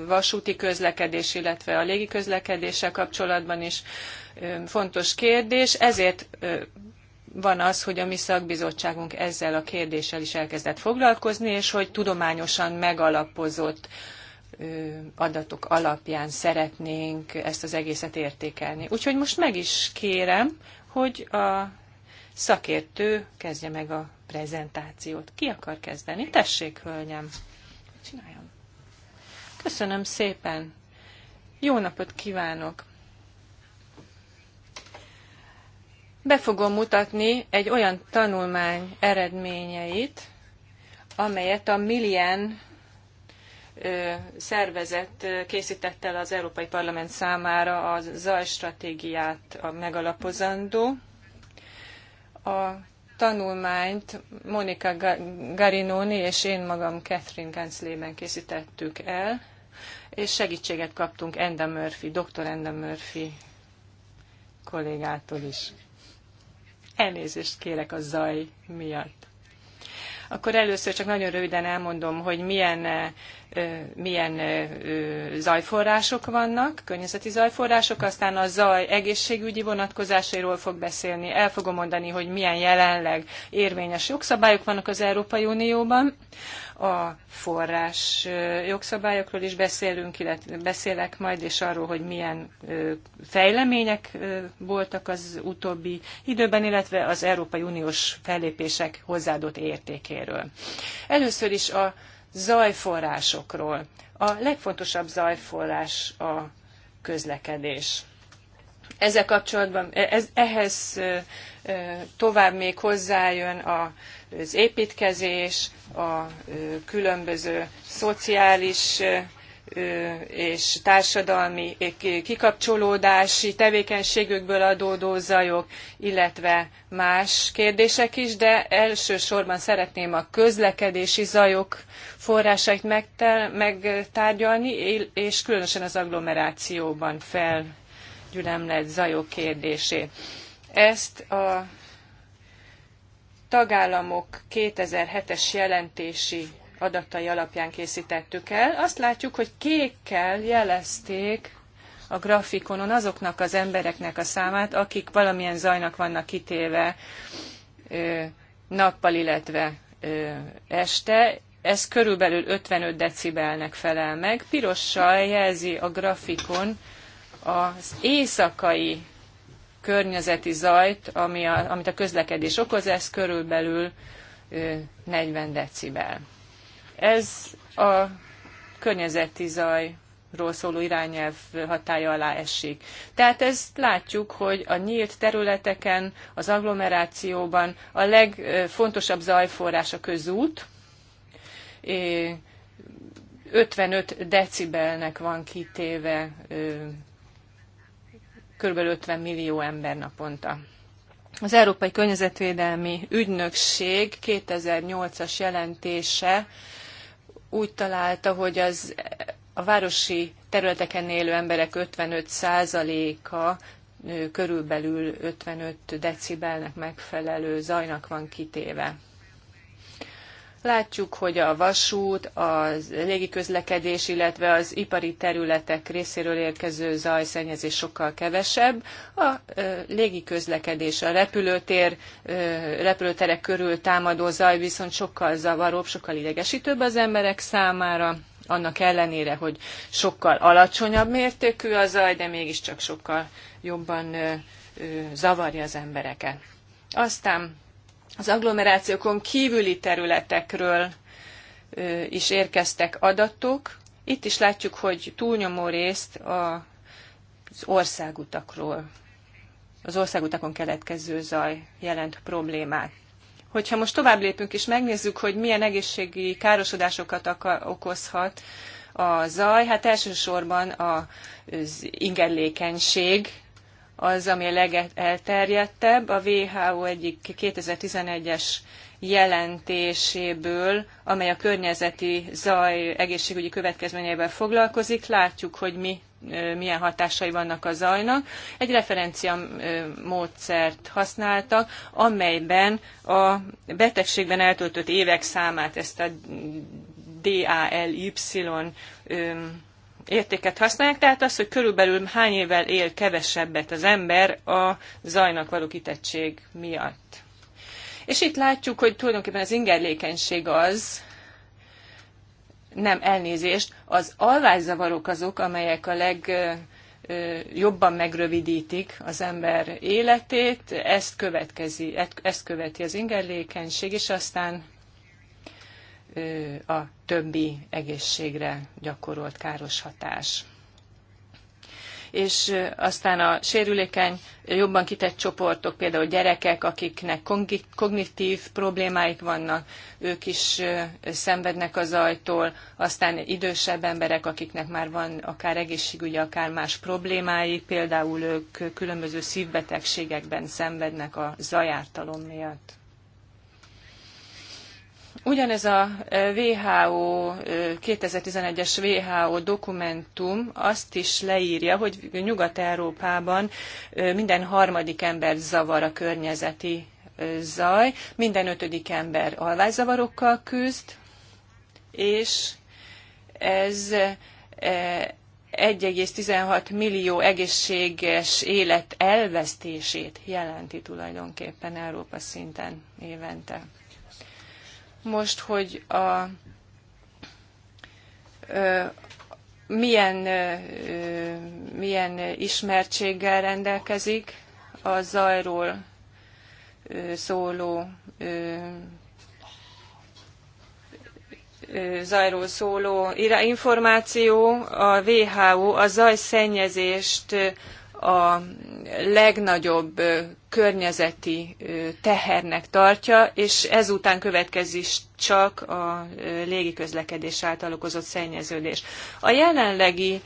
vasúti közlekedés, illetve a légi közlekedéssel kapcsolatban is fontos kérdés, ezért van az, hogy a mi szakbizottságunk ezzel a kérdéssel is elkezdett foglalkozni, és hogy tudományosan megalapozott adatok alapján szeretnénk ezt az egészet értékelni. Úgyhogy most meg is kérem, hogy a szakértő kezdje meg a prezentációt. Ki akar kezdeni? Tessék, hölgyem! Csináljam! Köszönöm szépen! Jó napot kívánok! be fogom mutatni egy olyan tanulmány eredményeit, amelyet a Millian szervezet készített el az Európai Parlament számára a zajstratégiát a megalapozandó. A tanulmányt Monika Garinoni és én magam Catherine Ganslében készítettük el, és segítséget kaptunk Enda Murphy, dr. Enda Murphy kollégától is. Elnézést kérek a zaj miatt. Akkor először csak nagyon röviden elmondom, hogy milyen, milyen zajforrások vannak, környezeti zajforrások, aztán a zaj egészségügyi vonatkozásairól fog beszélni, el fogom mondani, hogy milyen jelenleg érvényes jogszabályok vannak az Európai Unióban a forrás jogszabályokról is beszélünk, illetve beszélek majd, és arról, hogy milyen fejlemények voltak az utóbbi időben, illetve az Európai Uniós fellépések hozzáadott értékéről. Először is a zajforrásokról. A legfontosabb zajforrás a közlekedés. Ezzel kapcsolatban e, ez, ehhez tovább még hozzájön a az építkezés, a különböző szociális és társadalmi kikapcsolódási tevékenységükből adódó zajok, illetve más kérdések is, de elsősorban szeretném a közlekedési zajok forrásait megtárgyalni, és különösen az agglomerációban felgyülemlett zajok kérdését. Ezt a tagállamok 2007-es jelentési adatai alapján készítettük el. Azt látjuk, hogy kékkel jelezték a grafikonon azoknak az embereknek a számát, akik valamilyen zajnak vannak kitéve nappal, illetve este. Ez körülbelül 55 decibelnek felel meg. Pirossal jelzi a grafikon az éjszakai környezeti zajt, ami a, amit a közlekedés okoz, ez körülbelül 40 decibel. Ez a környezeti zaj ról szóló irányelv hatája alá esik. Tehát ezt látjuk, hogy a nyílt területeken, az agglomerációban a legfontosabb zajforrás a közút, 55 decibelnek van kitéve kb. 50 millió ember naponta. Az Európai Környezetvédelmi Ügynökség 2008-as jelentése úgy találta, hogy az a városi területeken élő emberek 55%-a körülbelül 55 decibelnek megfelelő zajnak van kitéve. Látjuk, hogy a vasút, a légiközlekedés, illetve az ipari területek részéről érkező zajszennyezés sokkal kevesebb. A légiközlekedés, a repülőtér, repülőterek körül támadó zaj viszont sokkal zavaróbb, sokkal idegesítőbb az emberek számára, annak ellenére, hogy sokkal alacsonyabb mértékű a zaj, de mégiscsak sokkal jobban zavarja az embereket. Aztán az agglomerációkon kívüli területekről is érkeztek adatok. Itt is látjuk, hogy túlnyomó részt az országutakról, az országutakon keletkező zaj jelent problémát. Hogyha most tovább lépünk és megnézzük, hogy milyen egészségi károsodásokat okozhat a zaj, hát elsősorban az ingerlékenység, az, ami a legelterjedtebb. A WHO egyik 2011-es jelentéséből, amely a környezeti zaj egészségügyi következményeivel foglalkozik, látjuk, hogy mi milyen hatásai vannak a zajnak. Egy referencia módszert használtak, amelyben a betegségben eltöltött évek számát, ezt a DALY értéket használják, tehát az, hogy körülbelül hány évvel él kevesebbet az ember a zajnak való kitettség miatt. És itt látjuk, hogy tulajdonképpen az ingerlékenység az, nem elnézést, az alvászavarok azok, amelyek a leg jobban megrövidítik az ember életét, ezt, következi, ezt követi az ingerlékenység, és aztán a többi egészségre gyakorolt káros hatás. És aztán a sérülékeny, jobban kitett csoportok, például gyerekek, akiknek kognitív problémáik vannak, ők is szenvednek az ajtól. aztán idősebb emberek, akiknek már van akár egészségügyi, akár más problémái, például ők különböző szívbetegségekben szenvednek a zajártalom miatt Ugyanez a WHO 2011-es WHO dokumentum azt is leírja, hogy Nyugat-Európában e, minden harmadik ember zavar a környezeti e, zaj, minden ötödik ember alvászavarokkal küzd, és ez 1,16 e, millió egészséges élet elvesztését jelenti tulajdonképpen Európa szinten évente most, hogy a, ö, milyen, ö, milyen ismertséggel rendelkezik a zajról ö, szóló ö, zajról szóló információ, a WHO a zajszennyezést a legnagyobb környezeti tehernek tartja, és ezután következik csak a légiközlekedés által okozott szennyeződés. A jelenlegi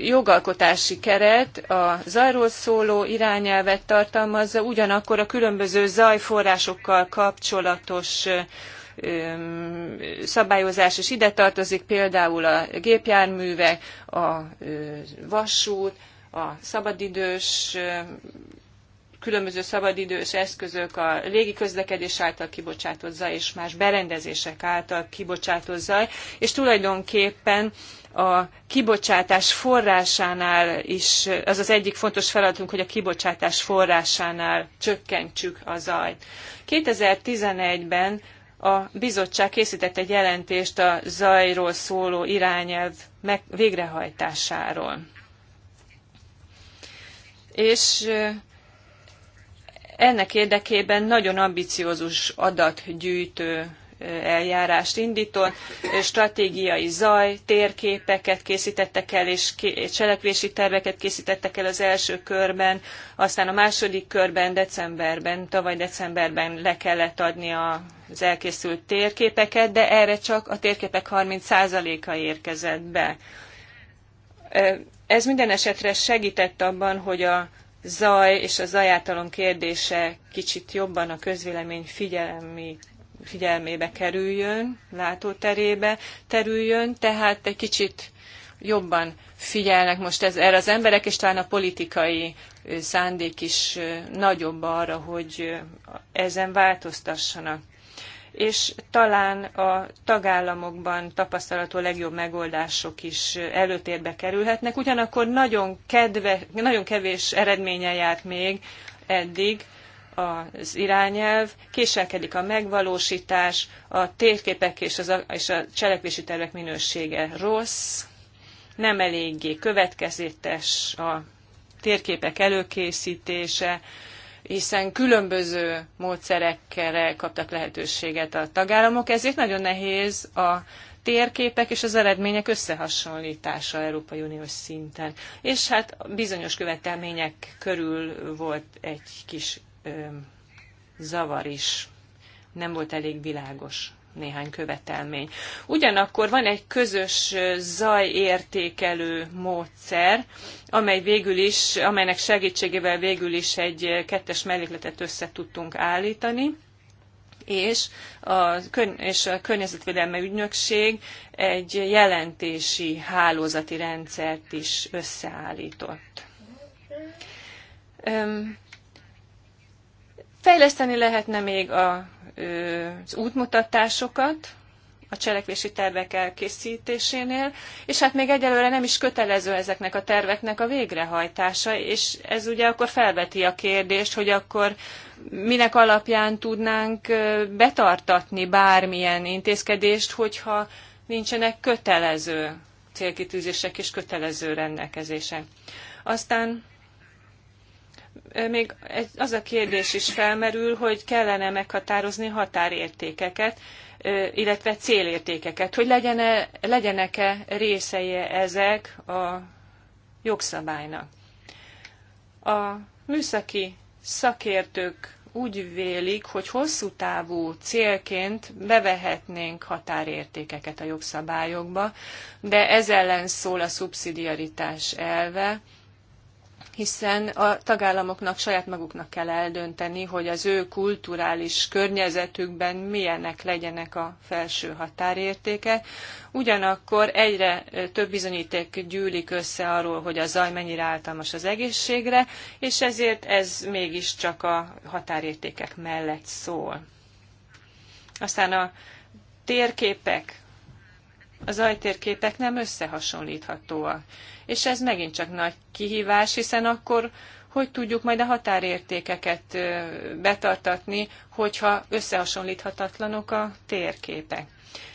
jogalkotási keret a zajról szóló irányelvet tartalmazza, ugyanakkor a különböző zajforrásokkal kapcsolatos szabályozás is ide tartozik, például a gépjárművek, a vasút, a szabadidős különböző szabadidős eszközök a légi közlekedés által kibocsátott zaj és más berendezések által kibocsátott zaj, és tulajdonképpen a kibocsátás forrásánál is, az az egyik fontos feladatunk, hogy a kibocsátás forrásánál csökkentsük a zajt. 2011-ben a bizottság készített egy jelentést a zajról szóló irányelv meg, végrehajtásáról és ennek érdekében nagyon ambiciózus adatgyűjtő eljárást indított, stratégiai zaj, térképeket készítettek el, és cselekvési terveket készítettek el az első körben, aztán a második körben, decemberben, tavaly decemberben le kellett adni az elkészült térképeket, de erre csak a térképek 30%-a érkezett be ez minden esetre segített abban, hogy a zaj és a zajátalom kérdése kicsit jobban a közvélemény figyelmi, figyelmébe kerüljön, látóterébe terüljön, tehát egy kicsit jobban figyelnek most ez, erre az emberek, és talán a politikai szándék is nagyobb arra, hogy ezen változtassanak és talán a tagállamokban tapasztalható legjobb megoldások is előtérbe kerülhetnek. Ugyanakkor nagyon, kedve, nagyon kevés eredménye járt még eddig az irányelv, késelkedik a megvalósítás, a térképek és, az, és a cselekvési tervek minősége rossz, nem eléggé következetes a térképek előkészítése, hiszen különböző módszerekkel kaptak lehetőséget a tagállamok, ezért nagyon nehéz a térképek és az eredmények összehasonlítása Európai Uniós szinten. És hát bizonyos követelmények körül volt egy kis ö, zavar is. Nem volt elég világos néhány követelmény. Ugyanakkor van egy közös zajértékelő módszer, amely végül is, amelynek segítségével végül is egy kettes mellékletet össze tudtunk állítani és a, és a Környezetvédelmi Ügynökség egy jelentési hálózati rendszert is összeállított. Fejleszteni lehetne még a, az útmutatásokat, a cselekvési tervek elkészítésénél, és hát még egyelőre nem is kötelező ezeknek a terveknek a végrehajtása, és ez ugye akkor felveti a kérdést, hogy akkor minek alapján tudnánk betartatni bármilyen intézkedést, hogyha nincsenek kötelező célkitűzések és kötelező rendelkezések. Aztán még az a kérdés is felmerül, hogy kellene meghatározni határértékeket, illetve célértékeket, hogy legyenek-e részei ezek a jogszabálynak. A műszaki szakértők úgy vélik, hogy hosszú távú célként bevehetnénk határértékeket a jogszabályokba, de ez ellen szól a szubszidiaritás elve, hiszen a tagállamoknak saját maguknak kell eldönteni, hogy az ő kulturális környezetükben milyenek legyenek a felső határértékek. Ugyanakkor egyre több bizonyíték gyűlik össze arról, hogy a zaj mennyire általmas az egészségre, és ezért ez mégiscsak a határértékek mellett szól. Aztán a térképek az ajtérképek nem összehasonlíthatóak. És ez megint csak nagy kihívás, hiszen akkor hogy tudjuk majd a határértékeket betartatni, hogyha összehasonlíthatatlanok a térképek.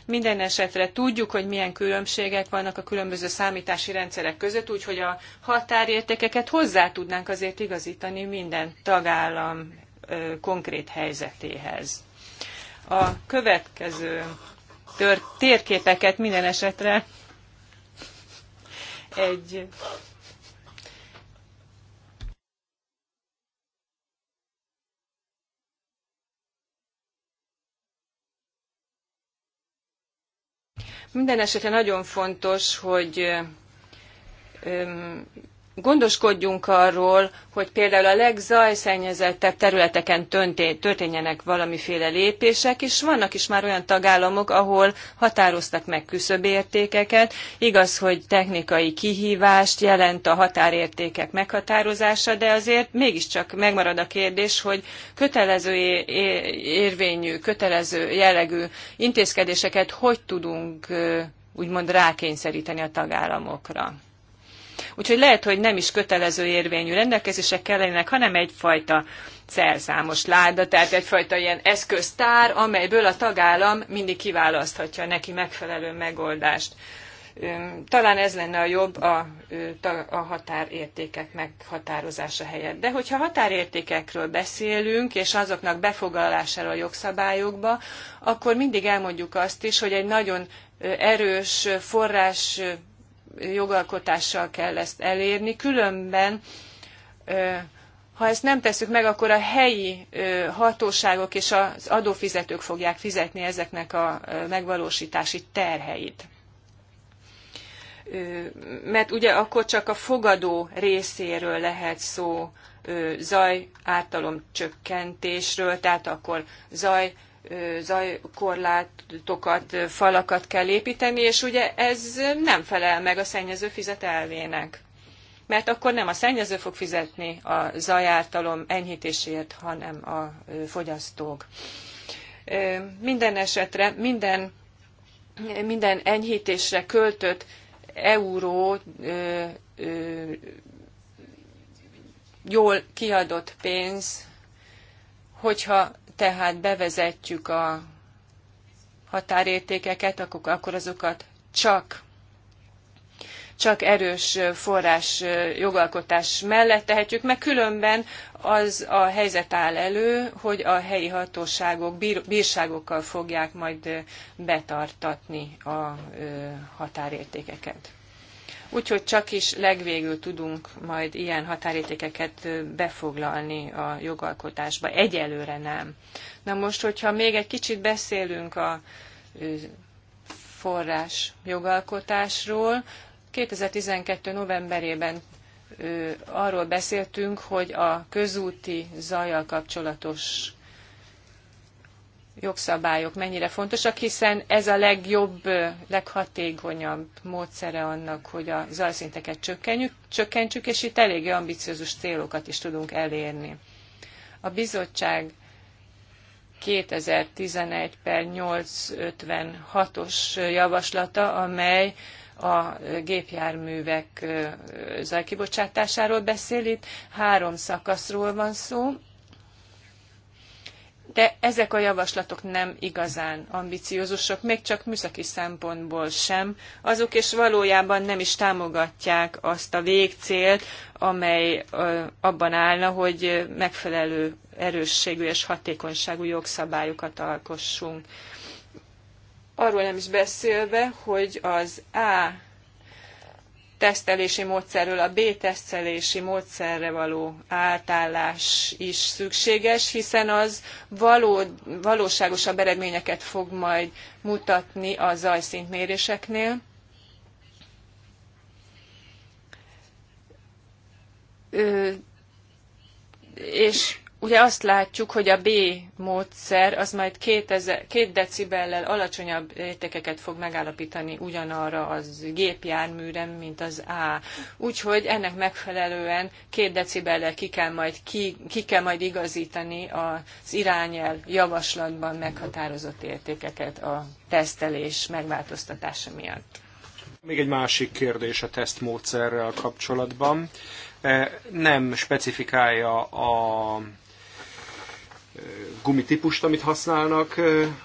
Minden esetre tudjuk, hogy milyen különbségek vannak a különböző számítási rendszerek között, úgyhogy a határértékeket hozzá tudnánk azért igazítani minden tagállam konkrét helyzetéhez. A következő tör, térképeket minden esetre egy Minden esetre nagyon fontos, hogy gondoskodjunk arról, hogy például a legzajszennyezettebb területeken történjenek valamiféle lépések, és vannak is már olyan tagállamok, ahol határoztak meg küszöbértékeket. Igaz, hogy technikai kihívást jelent a határértékek meghatározása, de azért mégiscsak megmarad a kérdés, hogy kötelező érvényű, kötelező jellegű intézkedéseket hogy tudunk úgymond rákényszeríteni a tagállamokra. Úgyhogy lehet, hogy nem is kötelező érvényű rendelkezések kellene, hanem egyfajta szerszámos láda, tehát egyfajta ilyen eszköztár, amelyből a tagállam mindig kiválaszthatja neki megfelelő megoldást. Talán ez lenne a jobb a, a határértékek meghatározása helyett. De hogyha határértékekről beszélünk, és azoknak befoglalására a jogszabályokba, akkor mindig elmondjuk azt is, hogy egy nagyon erős forrás jogalkotással kell ezt elérni, különben ha ezt nem tesszük meg, akkor a helyi hatóságok és az adófizetők fogják fizetni ezeknek a megvalósítási terheit. Mert ugye akkor csak a fogadó részéről lehet szó zaj ártalom csökkentésről, tehát akkor zaj zajkorlátokat, falakat kell építeni, és ugye ez nem felel meg a szennyező fizet elvének. Mert akkor nem a szennyező fog fizetni a zajártalom enyhítéséért, hanem a fogyasztók. Minden esetre, minden, minden enyhítésre költött euró jól kiadott pénz, hogyha tehát bevezetjük a határértékeket, akkor, akkor azokat csak csak erős forrás jogalkotás mellett tehetjük meg, különben az a helyzet áll elő, hogy a helyi hatóságok bír, bírságokkal fogják majd betartatni a határértékeket. Úgyhogy csak is legvégül tudunk majd ilyen határértékeket befoglalni a jogalkotásba. Egyelőre nem. Na most, hogyha még egy kicsit beszélünk a forrás jogalkotásról, 2012. novemberében arról beszéltünk, hogy a közúti zajjal kapcsolatos jogszabályok mennyire fontosak, hiszen ez a legjobb, leghatékonyabb módszere annak, hogy a zajszinteket csökkentsük, és itt eléggé ambiciózus célokat is tudunk elérni. A bizottság 2011 per 856-os javaslata, amely a gépjárművek zajkibocsátásáról beszél. Itt három szakaszról van szó de ezek a javaslatok nem igazán ambiciózusok, még csak műszaki szempontból sem azok, és valójában nem is támogatják azt a végcélt, amely abban állna, hogy megfelelő erősségű és hatékonyságú jogszabályokat alkossunk. Arról nem is beszélve, hogy az A tesztelési módszerről a B-tesztelési módszerre való átállás is szükséges, hiszen az való, valóságosabb eredményeket fog majd mutatni a zajszintméréseknél. Ö, és ugye azt látjuk, hogy a B módszer az majd 2000, két decibellel alacsonyabb értékeket fog megállapítani ugyanarra az gépjárműre, mint az A. Úgyhogy ennek megfelelően két decibellel ki kell majd, ki, ki kell majd igazítani az irányel javaslatban meghatározott értékeket a tesztelés megváltoztatása miatt. Még egy másik kérdés a tesztmódszerrel kapcsolatban e, nem specifikálja a gumitípust, amit használnak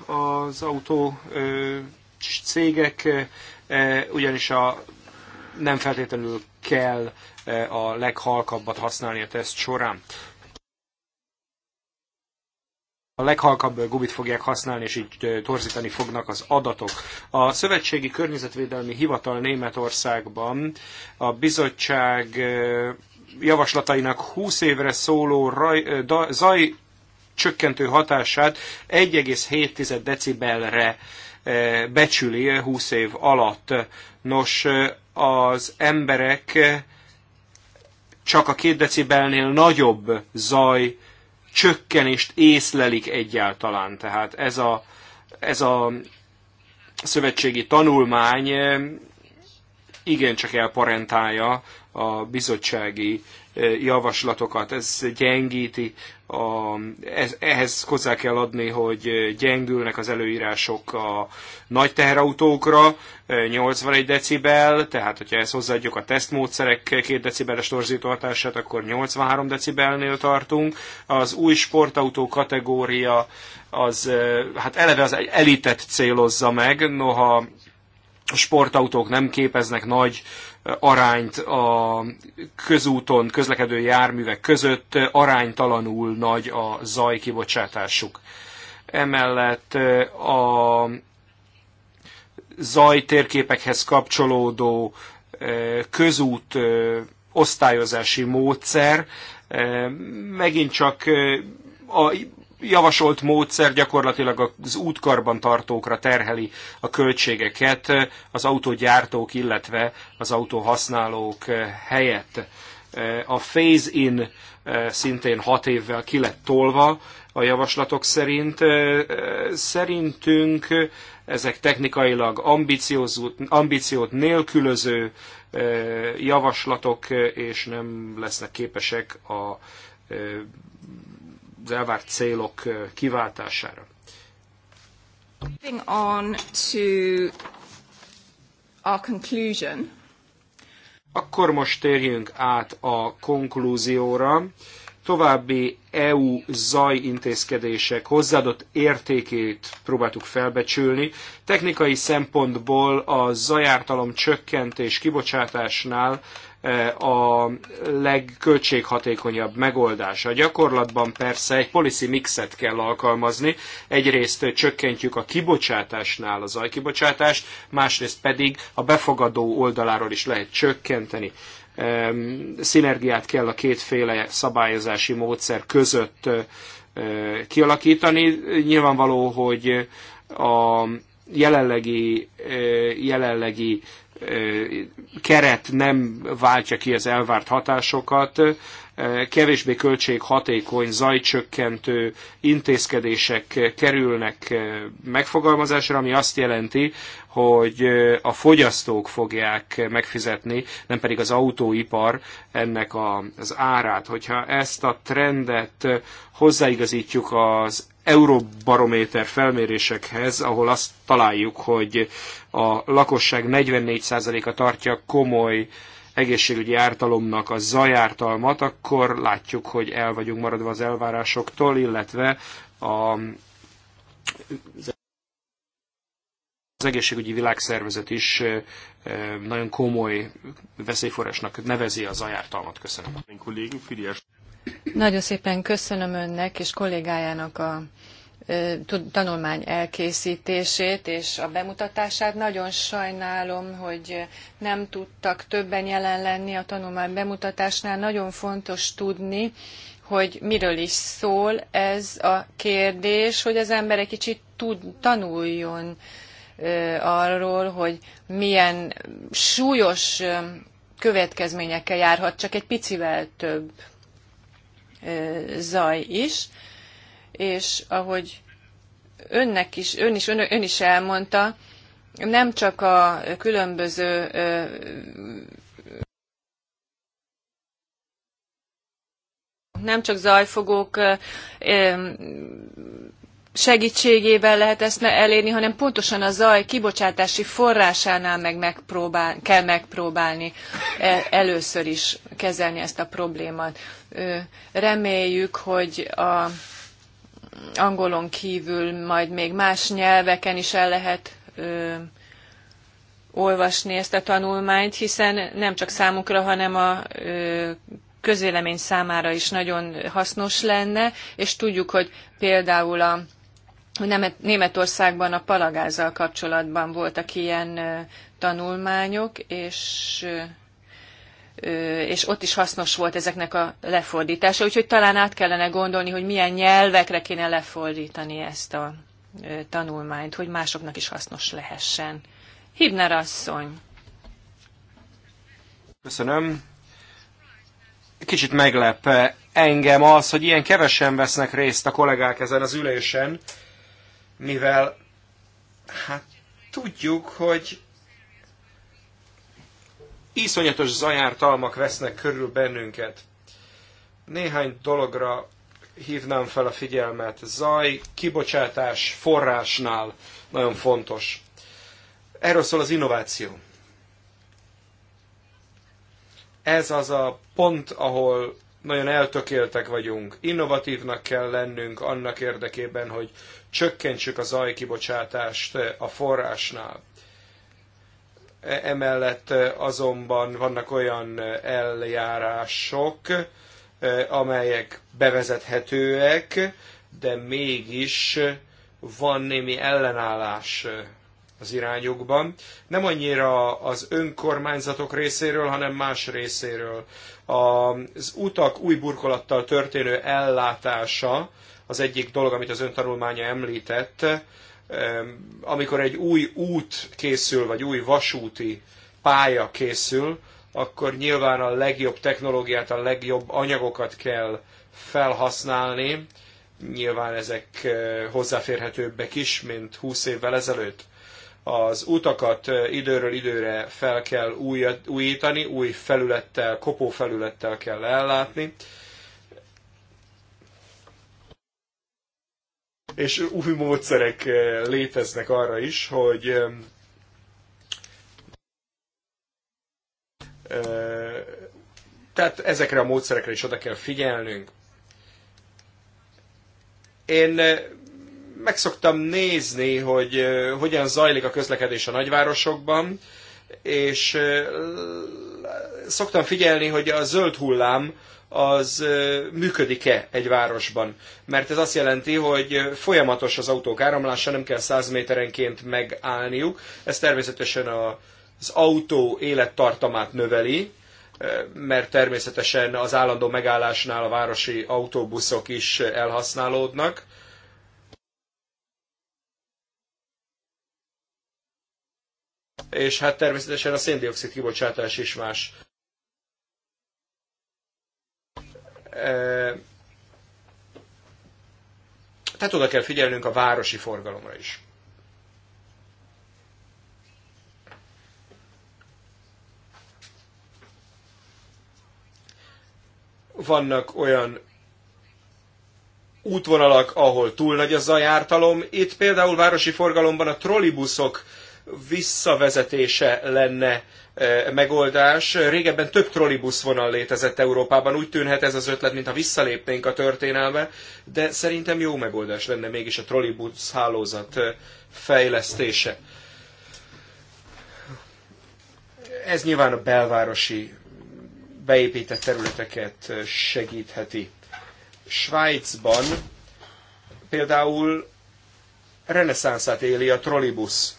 az autó cégek, ugyanis a nem feltétlenül kell a leghalkabbat használni a teszt során. A leghalkabb gumit fogják használni, és így torzítani fognak az adatok. A Szövetségi Környezetvédelmi Hivatal Németországban a bizottság javaslatainak 20 évre szóló raj, da, zaj csökkentő hatását 1,7 decibelre eh, becsüli 20 év alatt. Nos, eh, az emberek eh, csak a két decibelnél nagyobb zaj csökkenést észlelik egyáltalán. Tehát ez a, ez a szövetségi tanulmány igencsak elparentálja a bizottsági javaslatokat. Ez gyengíti, a, ez, ehhez hozzá kell adni, hogy gyengülnek az előírások a nagy teherautókra, 81 decibel, tehát hogyha ezt hozzáadjuk a tesztmódszerek 2 decibeles torzító hatását, akkor 83 decibelnél tartunk. Az új sportautó kategória az, hát eleve az elitet célozza meg, noha a sportautók nem képeznek nagy arányt a közúton közlekedő járművek között, aránytalanul nagy a zaj kibocsátásuk. Emellett a zaj térképekhez kapcsolódó közút osztályozási módszer megint csak a javasolt módszer gyakorlatilag az útkarban tartókra terheli a költségeket az autógyártók, illetve az autóhasználók helyett. A phase-in szintén hat évvel ki lett tolva a javaslatok szerint. Szerintünk ezek technikailag ambíciót nélkülöző e, javaslatok, és nem lesznek képesek a e, az elvárt célok kiváltására. Moving on to our conclusion. Akkor most térjünk át a konklúzióra. További EU zaj intézkedések hozzáadott értékét próbáltuk felbecsülni. Technikai szempontból a zajártalom csökkentés kibocsátásnál a legköltséghatékonyabb megoldás. A gyakorlatban persze egy policy mixet kell alkalmazni. Egyrészt csökkentjük a kibocsátásnál az zajkibocsátást, másrészt pedig a befogadó oldaláról is lehet csökkenteni szinergiát kell a kétféle szabályozási módszer között kialakítani. Nyilvánvaló, hogy a jelenlegi, jelenlegi keret nem váltja ki az elvárt hatásokat, kevésbé költséghatékony, zajcsökkentő intézkedések kerülnek megfogalmazásra, ami azt jelenti, hogy a fogyasztók fogják megfizetni, nem pedig az autóipar ennek az árát. Hogyha ezt a trendet hozzáigazítjuk az euróbarométer felmérésekhez, ahol azt találjuk, hogy a lakosság 44%-a tartja komoly egészségügyi ártalomnak a zajártalmat, akkor látjuk, hogy el vagyunk maradva az elvárásoktól, illetve a, az egészségügyi világszervezet is nagyon komoly veszélyforrásnak nevezi a zajártalmat. Köszönöm. Nagyon szépen köszönöm önnek és kollégájának a tanulmány elkészítését és a bemutatását. Nagyon sajnálom, hogy nem tudtak többen jelen lenni a tanulmány bemutatásnál. Nagyon fontos tudni, hogy miről is szól ez a kérdés, hogy az ember egy kicsit tud, tanuljon arról, hogy milyen súlyos következményekkel járhat csak egy picivel több zaj is, és ahogy önnek is, ön is, ön, ön is elmondta, nem csak a különböző nem csak zajfogók segítségével lehet ezt elérni, hanem pontosan a zaj kibocsátási forrásánál meg megpróbál, kell megpróbálni e- először is kezelni ezt a problémát. Reméljük, hogy a angolon kívül majd még más nyelveken is el lehet olvasni ezt a tanulmányt, hiszen nem csak számukra, hanem a közvélemény számára is nagyon hasznos lenne, és tudjuk, hogy például a Németországban a palagázzal kapcsolatban voltak ilyen tanulmányok, és és ott is hasznos volt ezeknek a lefordítása, úgyhogy talán át kellene gondolni, hogy milyen nyelvekre kéne lefordítani ezt a tanulmányt, hogy másoknak is hasznos lehessen. Hibner asszony! Köszönöm. Kicsit meglep engem az, hogy ilyen kevesen vesznek részt a kollégák ezen az ülésen, mivel hát tudjuk, hogy iszonyatos zajártalmak vesznek körül bennünket. Néhány dologra hívnám fel a figyelmet. Zaj, kibocsátás forrásnál nagyon fontos. Erről szól az innováció. Ez az a pont, ahol nagyon eltökéltek vagyunk, innovatívnak kell lennünk annak érdekében, hogy csökkentsük a zajkibocsátást a forrásnál. E, emellett e, azonban vannak olyan e, eljárások, amelyek bevezethetőek, de mégis van némi ellenállás az irányukban. Nem annyira az önkormányzatok részéről, hanem más részéről. Az utak új burkolattal történő ellátása az egyik dolog, amit az öntanulmánya említett, amikor egy új út készül, vagy új vasúti pálya készül, akkor nyilván a legjobb technológiát, a legjobb anyagokat kell felhasználni. Nyilván ezek eh, hozzáférhetőbbek is, mint 20 évvel ezelőtt az utakat időről időre fel kell újítani, új felülettel, kopó felülettel kell ellátni. És új módszerek léteznek arra is, hogy tehát ezekre a módszerekre is oda kell figyelnünk. Én meg szoktam nézni, hogy hogyan zajlik a közlekedés a nagyvárosokban, és szoktam figyelni, hogy a zöld hullám az működik-e egy városban. Mert ez azt jelenti, hogy folyamatos az autók áramlása, nem kell 100 méterenként megállniuk. Ez természetesen az autó élettartamát növeli, mert természetesen az állandó megállásnál a városi autóbuszok is elhasználódnak és hát természetesen a széndiokszid kibocsátás is más. E, tehát oda kell figyelnünk a városi forgalomra is. Vannak olyan útvonalak, ahol túl nagy a zajártalom. Itt például városi forgalomban a trollibuszok visszavezetése lenne e, megoldás. Régebben több trollibusz vonal létezett Európában, úgy tűnhet ez az ötlet, mintha visszalépnénk a történelme, de szerintem jó megoldás lenne mégis a trollibusz hálózat e, fejlesztése. Ez nyilván a belvárosi beépített területeket e, segítheti. Svájcban például reneszánszát éli a trollibusz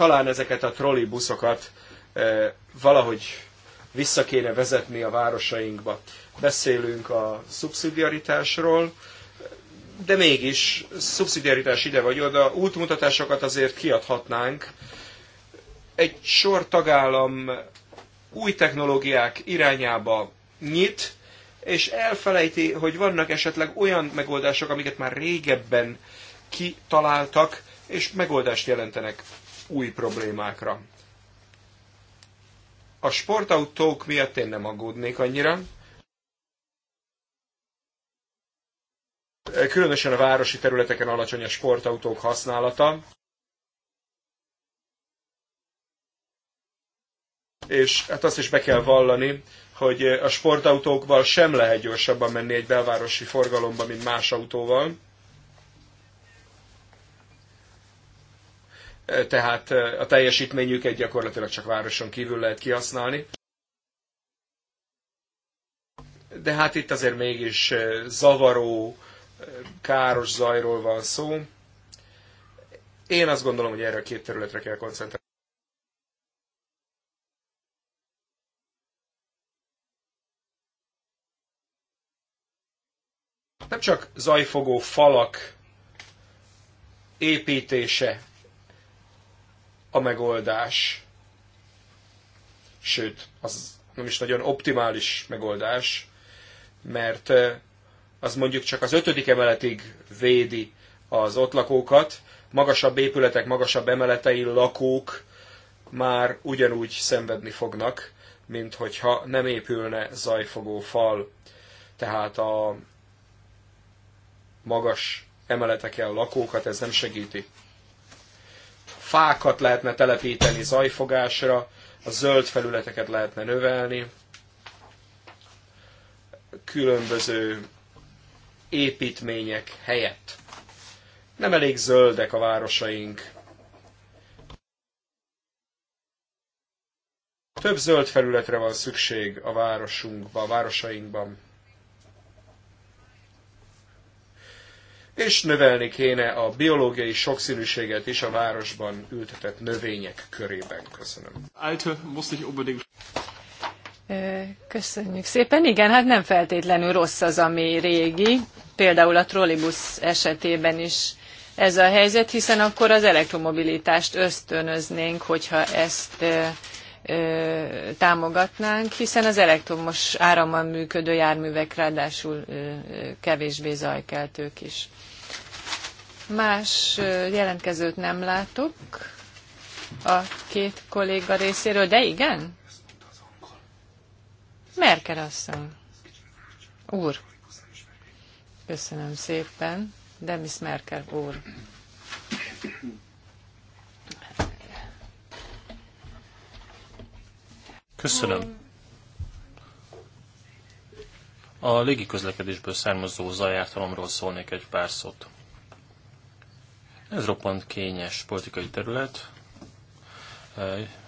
talán ezeket a trollibuszokat eh, valahogy vissza kéne vezetni a városainkba. Beszélünk a szubszidiaritásról, de mégis szubszidiaritás ide vagy oda, útmutatásokat azért kiadhatnánk. Egy sor tagállam új technológiák irányába nyit, és elfelejti, hogy vannak esetleg olyan megoldások, amiket már régebben kitaláltak, és megoldást jelentenek új problémákra. A sportautók miatt én nem aggódnék annyira. Különösen a városi területeken alacsony a sportautók használata. És hát azt is be kell vallani, hogy a sportautókval sem lehet gyorsabban menni egy belvárosi forgalomba, mint más autóval. tehát a teljesítményüket gyakorlatilag csak városon kívül lehet kihasználni. De hát itt azért mégis zavaró, káros zajról van szó. Én azt gondolom, hogy erre a két területre kell koncentrálni. Nem csak zajfogó falak építése a megoldás, sőt, az nem is nagyon optimális megoldás, mert az mondjuk csak az ötödik emeletig védi az ott lakókat, magasabb épületek, magasabb emeletei lakók már ugyanúgy szenvedni fognak, mint hogyha nem épülne zajfogó fal. Tehát a magas emeleteken lakókat ez nem segíti fákat lehetne telepíteni zajfogásra, a zöld felületeket lehetne növelni, különböző építmények helyett. Nem elég zöldek a városaink. Több zöld felületre van szükség a városunkban, a városainkban. és növelni kéne a biológiai sokszínűséget is a városban ültetett növények körében. Köszönöm. Alte, muss nicht unbedingt. Köszönjük szépen. Igen, hát nem feltétlenül rossz az, ami régi. Például a trollibusz esetében is ez a helyzet, hiszen akkor az elektromobilitást ösztönöznénk, hogyha ezt támogatnánk, hiszen az elektromos árammal működő járművek ráadásul kevésbé zajkeltők is. Más jelentkezőt nem látok a két kolléga részéről, de igen? Merkel asszony. Úr. Köszönöm szépen. Demis Merkel úr. Köszönöm. A légiközlekedésből származó zajártalomról szólnék egy pár szót. Ez roppant kényes politikai terület.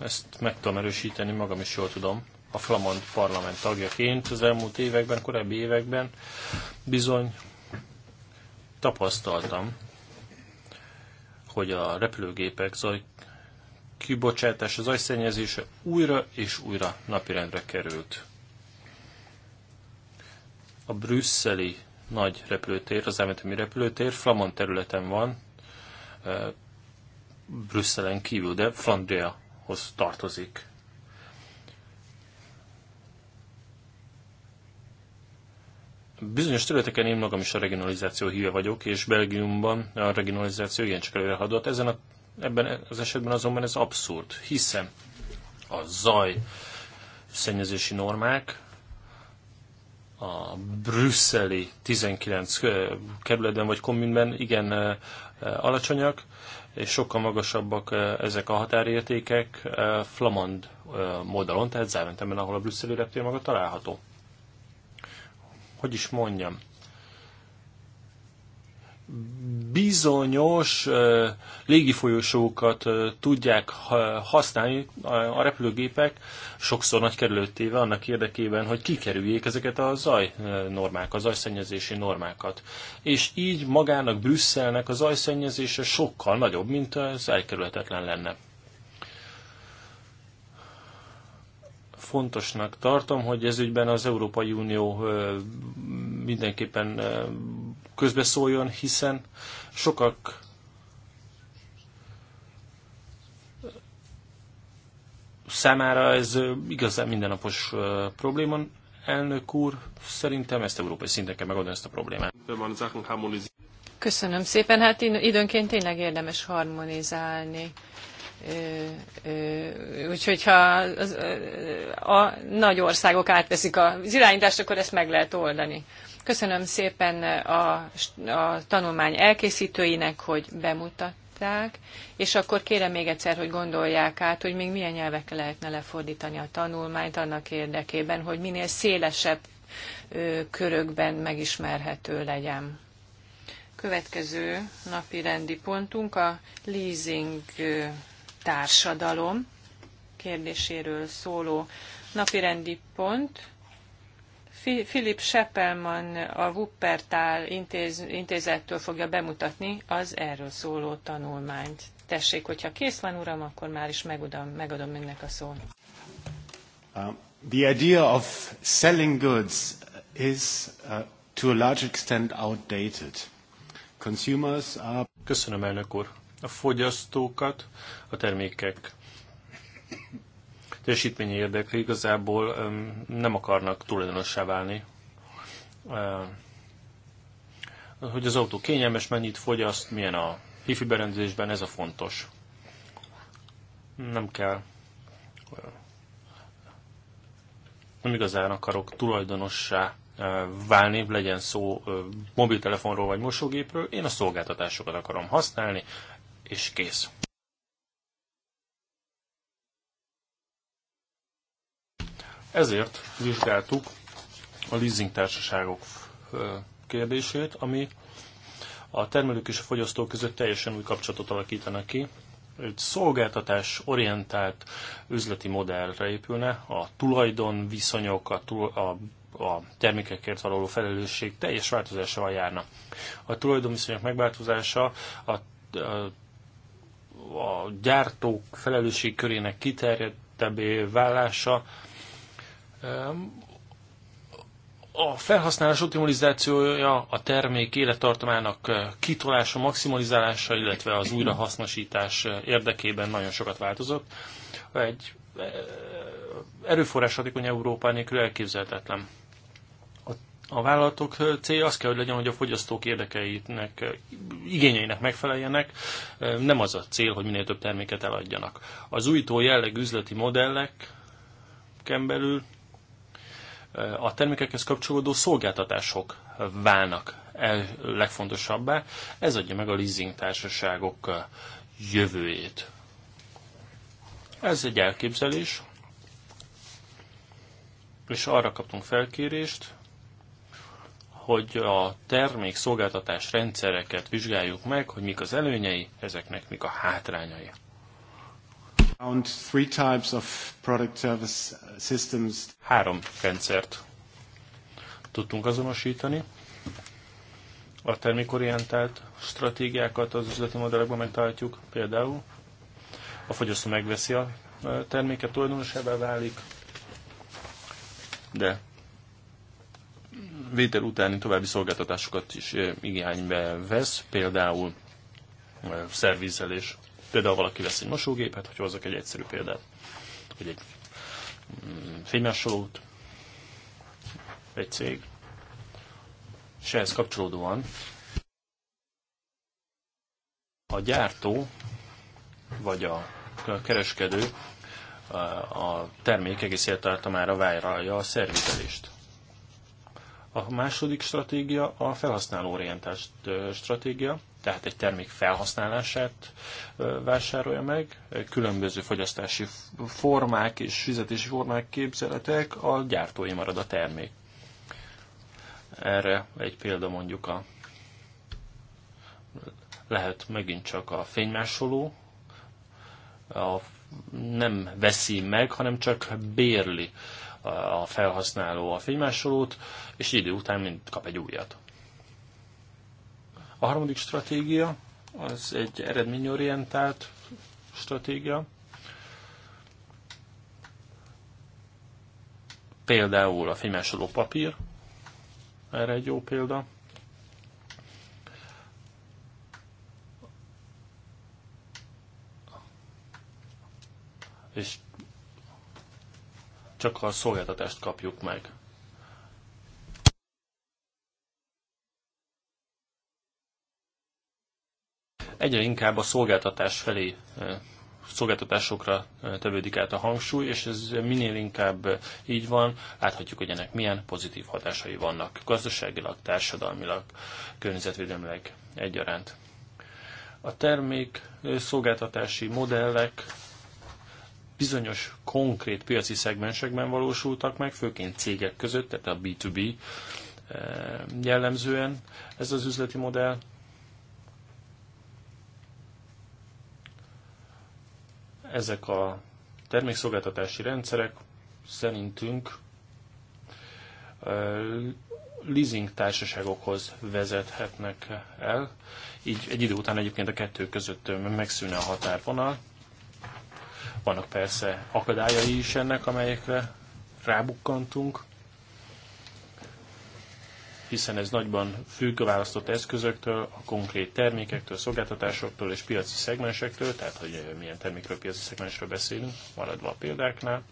Ezt meg tudom erősíteni, magam is jól tudom. A flamand parlament tagjaként az elmúlt években, korábbi években bizony tapasztaltam, hogy a repülőgépek zaj az ajszennyezése újra és újra napirendre került. A brüsszeli nagy repülőtér, az elmetemi repülőtér Flamand területen van, Brüsszelen kívül, de Flandriahoz tartozik. Bizonyos területeken én magam is a regionalizáció híve vagyok, és Belgiumban a regionalizáció igencsak előrehaladott. Ezen a, ebben az esetben azonban ez abszurd, hiszen a zaj szennyezési normák a brüsszeli 19 kerületben vagy kommunben igen Eh, alacsonyak, és sokkal magasabbak eh, ezek a határértékek eh, Flamand módalon, tehát Záventemben, ahol a brüsszeli reptér maga található. Hogy is mondjam, bizonyos légifolyósókat tudják használni a repülőgépek, sokszor nagy kerülőtéve annak érdekében, hogy kikerüljék ezeket a zajnormákat, a zajszennyezési normákat. És így magának Brüsszelnek a zajszennyezése sokkal nagyobb, mint az elkerülhetetlen lenne. Fontosnak tartom, hogy ez ügyben az Európai Unió mindenképpen közbeszóljon, hiszen sokak számára ez igazán mindennapos probléma. Elnök úr, szerintem ezt európai szinten kell megoldani ezt a problémát. Köszönöm szépen. Hát időnként tényleg érdemes harmonizálni. Úgyhogy ha a nagy országok átveszik az irányítást, akkor ezt meg lehet oldani. Köszönöm szépen a, a tanulmány elkészítőinek, hogy bemutatták, és akkor kérem még egyszer, hogy gondolják át, hogy még milyen nyelvekkel lehetne lefordítani a tanulmányt annak érdekében, hogy minél szélesebb körökben megismerhető legyen. Következő napi rendi pontunk a leasing társadalom kérdéséről szóló napirendi pont. Philip Seppelman a Wuppertal intéz, intézettől fogja bemutatni az erről szóló tanulmányt. Tessék, hogyha kész van, uram, akkor már is megadom, megadom önnek a szót. Uh, the idea of selling goods is uh, to a large extent outdated. Consumers are... Köszönöm, elnök úr. A fogyasztókat a termékek teljesítményi érdekli, igazából nem akarnak tulajdonossá válni. Hogy az autó kényelmes, mennyit fogyaszt, milyen a hifi berendezésben, ez a fontos. Nem kell nem igazán akarok tulajdonossá válni, legyen szó mobiltelefonról vagy mosógépről, én a szolgáltatásokat akarom használni, és kész. Ezért vizsgáltuk a leasing társaságok kérdését, ami a termelők és a fogyasztók között teljesen új kapcsolatot alakítanak ki. Egy szolgáltatás orientált üzleti modellre épülne, a tulajdon viszonyok, a, tul- a a termékekért való felelősség teljes változásával járna. A tulajdonviszonyok megváltozása a, a, a gyártók felelősség körének kiterjedtebbé válása a felhasználás optimalizációja, a termék élettartamának eh, kitolása, maximalizálása, illetve az újrahasznosítás eh, érdekében nagyon sokat változott. Egy eh, erőforrás hatékony Európa nélkül elképzelhetetlen. A, vállalatok célja az kell, hogy legyen, hogy a fogyasztók érdekeinek, igényeinek megfeleljenek, nem az a cél, hogy minél több terméket eladjanak. Az újtó jellegű üzleti modellek belül a termékekhez kapcsolódó szolgáltatások válnak el legfontosabbá. Ez adja meg a leasing társaságok uh, jövőjét. Ez egy elképzelés, és arra kaptunk felkérést, hogy a termék szolgáltatás rendszereket vizsgáljuk meg, hogy mik az előnyei, ezeknek mik a hátrányai. Uh, Három rendszert tudtunk azonosítani. A termékorientált stratégiákat az üzleti modellekben megtaláljuk például. A fogyasztó megveszi a uh, terméket, tulajdonosává válik, de vétel utáni további szolgáltatásokat is uh, igénybe vesz, például szervizelés Például valaki vesz egy mosógépet, hogy hozzak egy egyszerű példát, vagy egy mm, fénymásolót, egy cég, és ehhez kapcsolódóan a gyártó vagy a kereskedő a termék egész élettartamára vállalja a szervizelést. A második stratégia a felhasználóorientált stratégia, tehát egy termék felhasználását vásárolja meg, különböző fogyasztási formák és fizetési formák képzeletek, a gyártói marad a termék. Erre egy példa mondjuk a lehet megint csak a fénymásoló, a, nem veszi meg, hanem csak bérli a felhasználó a fénymásolót, és idő után mind kap egy újat. A harmadik stratégia az egy eredményorientált stratégia. Például a fénymásoló papír, erre egy jó példa. És csak a szolgáltatást kapjuk meg. egyre inkább a szolgáltatás felé szolgáltatásokra tevődik át a hangsúly, és ez minél inkább így van, láthatjuk, hogy ennek milyen pozitív hatásai vannak gazdaságilag, társadalmilag, környezetvédelmileg egyaránt. A termék szolgáltatási modellek bizonyos konkrét piaci szegmensekben valósultak meg, főként cégek között, tehát a B2B jellemzően ez az üzleti modell, ezek a termékszolgáltatási rendszerek szerintünk leasing társaságokhoz vezethetnek el. Így egy idő után egyébként a kettő között megszűnne a határvonal. Vannak persze akadályai is ennek, amelyekre rábukkantunk hiszen ez nagyban függ a választott eszközöktől, a konkrét termékektől, szolgáltatásoktól és piaci szegmensektől, tehát hogy eh, milyen termékről, piaci szegmensről beszélünk, maradva a példáknál.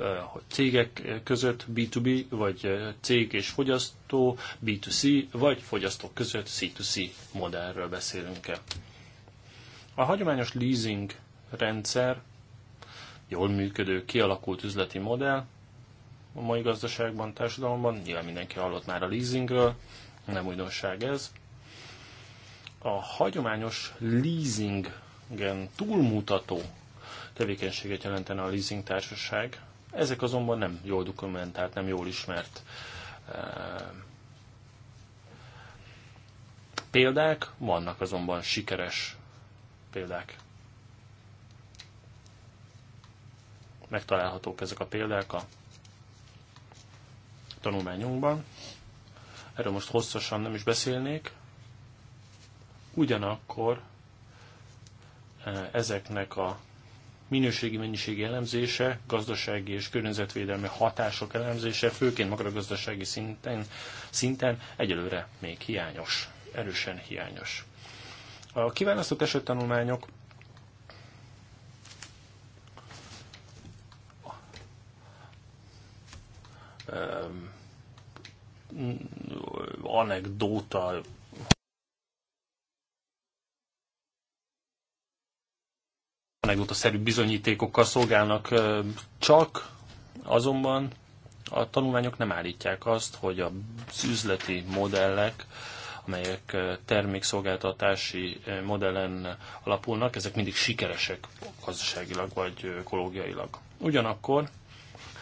Eh, cégek eh, között B2B, vagy cég és fogyasztó, B2C, vagy fogyasztók között C2C modellről beszélünk-e. A hagyományos leasing rendszer jól működő, kialakult üzleti modell, a mai gazdaságban, társadalomban. Nyilván mindenki hallott már a leasingről, nem újdonság ez. A hagyományos leasingen túlmutató tevékenységet jelentene a leasing társaság. Ezek azonban nem jól dokumentált, nem jól ismert eh, példák, vannak azonban sikeres példák. Megtalálhatók ezek a példák a tanulmányunkban. Erről most hosszasan nem is beszélnék. Ugyanakkor eh, ezeknek a minőségi mennyiségi elemzése, gazdasági és környezetvédelmi hatások elemzése, főként gazdasági szinten, szinten egyelőre még hiányos, erősen hiányos. A kiválasztott esettanulmányok anekdóta szerű bizonyítékokkal szolgálnak csak, azonban a tanulmányok nem állítják azt, hogy a üzleti modellek, amelyek termékszolgáltatási modellen alapulnak, ezek mindig sikeresek gazdaságilag vagy ökológiailag. Ugyanakkor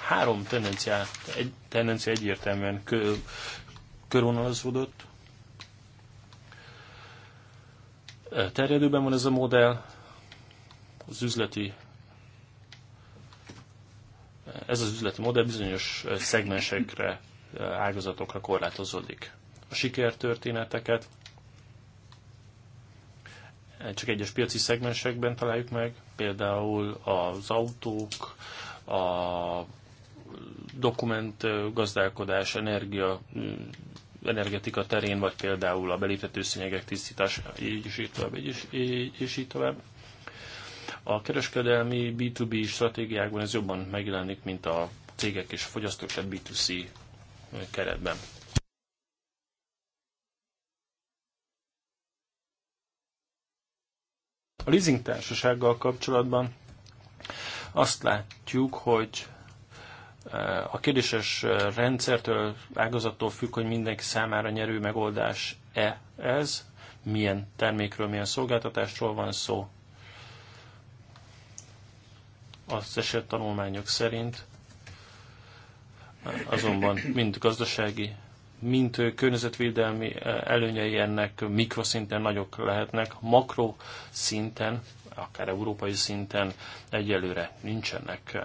három tendencia, egy, tendencia egyértelműen kö, körvonalazódott. E, terjedőben van ez a modell, az üzleti ez az üzleti modell bizonyos szegmensekre, e, ágazatokra korlátozódik. A sikertörténeteket e, csak egyes piaci szegmensekben találjuk meg, például az autók, a dokument gazdálkodás, energia, energetika terén, vagy például a beléptető szényegek tisztítása, így is így tovább, így is, így, és így tovább. A kereskedelmi B2B stratégiákban ez jobban megjelenik, mint a cégek és a fogyasztók, tehát B2C keretben. A leasing társasággal kapcsolatban azt látjuk, hogy a kérdéses rendszertől, ágazattól függ, hogy mindenki számára nyerő megoldás-e ez, milyen termékről, milyen szolgáltatásról van szó. Az eset tanulmányok szerint azonban mind gazdasági, mint környezetvédelmi előnyei ennek mikroszinten nagyok lehetnek, makro szinten, akár európai szinten egyelőre nincsenek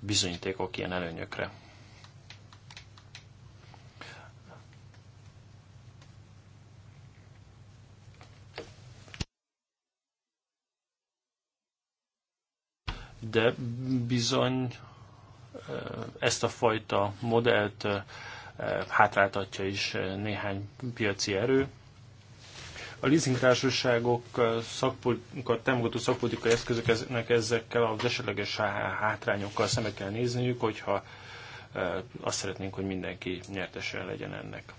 bizonyítékok ilyen előnyökre. De bizony eh, ezt a fajta modellt eh, eh, hátráltatja is néhány piaci erő, a leasingtársaságok szakpolitikai, támogató szakpolitikai eszközöknek ezekkel az esetleges hátrányokkal szembe kell nézniük, hogyha azt szeretnénk, hogy mindenki nyertesen legyen ennek.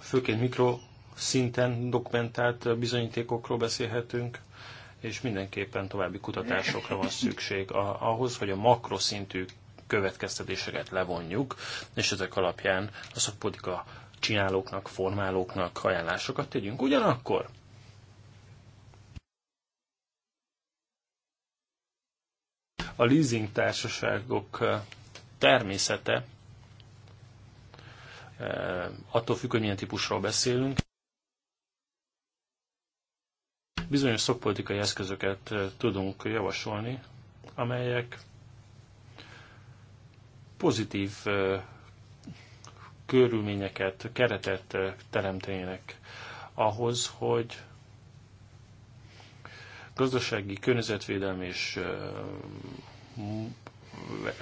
Főként mikro szinten dokumentált bizonyítékokról beszélhetünk, és mindenképpen további kutatásokra van szükség ahhoz, hogy a makroszintű következtetéseket levonjuk, és ezek alapján a szakpolitika csinálóknak, formálóknak ajánlásokat tegyünk. Ugyanakkor a leasing társaságok eh, természete eh, attól függ, hogy milyen típusról beszélünk. Bizonyos szakpolitikai eszközöket eh, tudunk javasolni, amelyek pozitív körülményeket, keretet teremtenének ahhoz, hogy gazdasági, környezetvédelmi és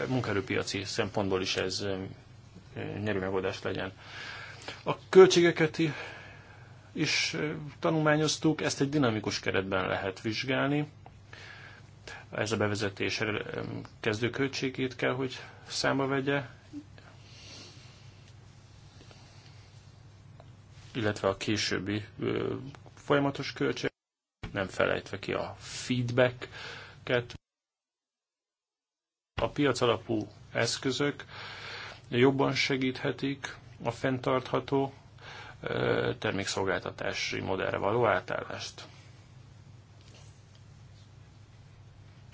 munkaerőpiaci szempontból is ez nyerő megoldás legyen. A költségeket is tanulmányoztuk, ezt egy dinamikus keretben lehet vizsgálni ez a bevezetés kezdőköltségét kell, hogy számba vegye, illetve a későbbi ö, folyamatos költség, nem felejtve ki a feedbacket. A piac alapú eszközök jobban segíthetik a fenntartható termékszolgáltatási modellre való átállást.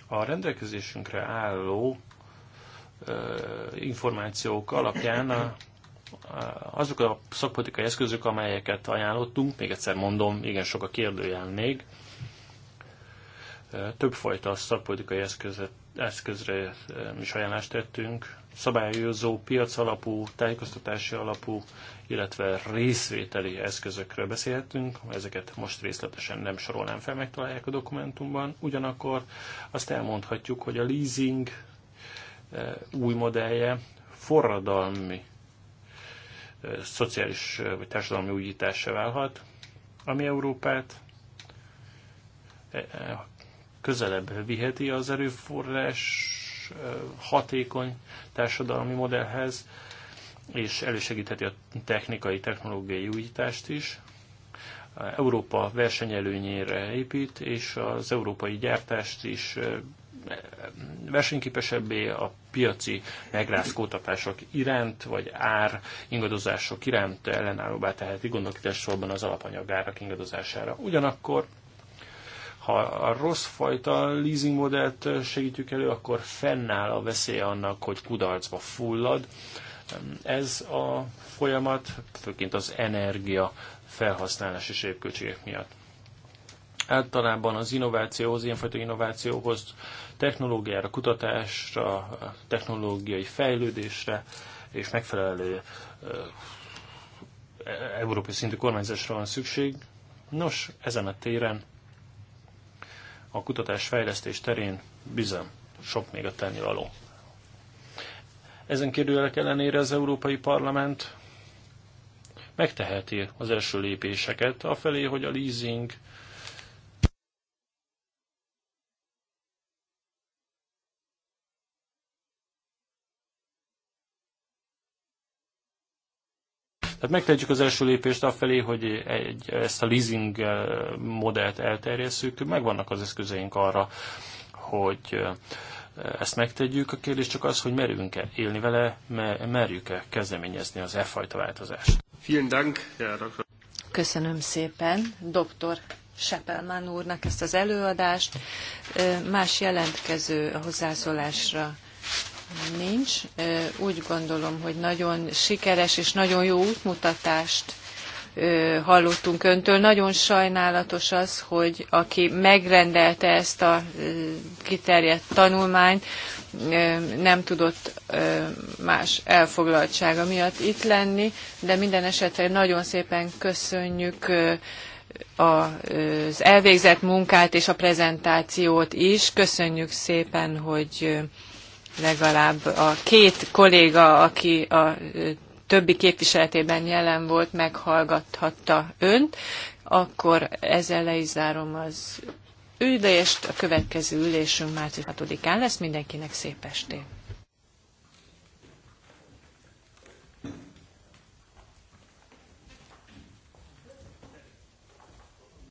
A rendelkezésünkre álló információk alapján a, azok a szakpolitikai eszközök, amelyeket ajánlottunk, még egyszer mondom, igen sok a kérdőjel még, többfajta szakpolitikai eszközet, eszközre is ajánlást tettünk, szabályozó, piacalapú, tájékoztatási alapú, illetve részvételi eszközökről beszélhetünk, ezeket most részletesen nem sorolnám fel, megtalálják a dokumentumban. Ugyanakkor azt elmondhatjuk, hogy a leasing e, új modellje forradalmi e, szociális e, vagy társadalmi újítása válhat, ami Európát közelebb viheti az erőforrás hatékony társadalmi modellhez, és elősegítheti a technikai, technológiai újítást is. Európa versenyelőnyére épít, és az európai gyártást is versenyképesebbé a piaci megrázkódtatások iránt, vagy ár ingadozások iránt ellenállóbbá teheti, gondolkodás itt az alapanyagárak ingadozására. Ugyanakkor ha a rossz fajta leasing modellt segítjük elő, akkor fennáll a veszély annak, hogy kudarcba fullad. Ez a folyamat, főként az energia felhasználás és épköltségek miatt. Általában az innovációhoz, ilyenfajta innovációhoz, technológiára, kutatásra, technológiai fejlődésre és megfelelő e-, európai szintű kormányzásra van szükség. Nos, ezen a téren a kutatás-fejlesztés terén bizony sok még a tennivaló. Ezen kérdőjelek ellenére az Európai Parlament megteheti az első lépéseket, afelé, hogy a leasing Tehát megtehetjük az első lépést afelé, hogy egy, ezt a leasing eh, modellt elterjesszük, megvannak az eszközeink arra, hogy eh, ezt megtegyük. A kérdés csak az, hogy merünk-e élni vele, merjük-e kezdeményezni az e fajta változást. Köszönöm szépen, doktor Sepelmán úrnak ezt az előadást. Más jelentkező a hozzászólásra nincs. Úgy gondolom, hogy nagyon sikeres és nagyon jó útmutatást hallottunk öntől. Nagyon sajnálatos az, hogy aki megrendelte ezt a kiterjedt tanulmányt, nem tudott más elfoglaltsága miatt itt lenni, de minden esetre nagyon szépen köszönjük az elvégzett munkát és a prezentációt is. Köszönjük szépen, hogy legalább a két kolléga, aki a többi képviseletében jelen volt, meghallgathatta önt, akkor ezzel le is zárom az ülést. A következő ülésünk március 6-án lesz. Mindenkinek szép estét!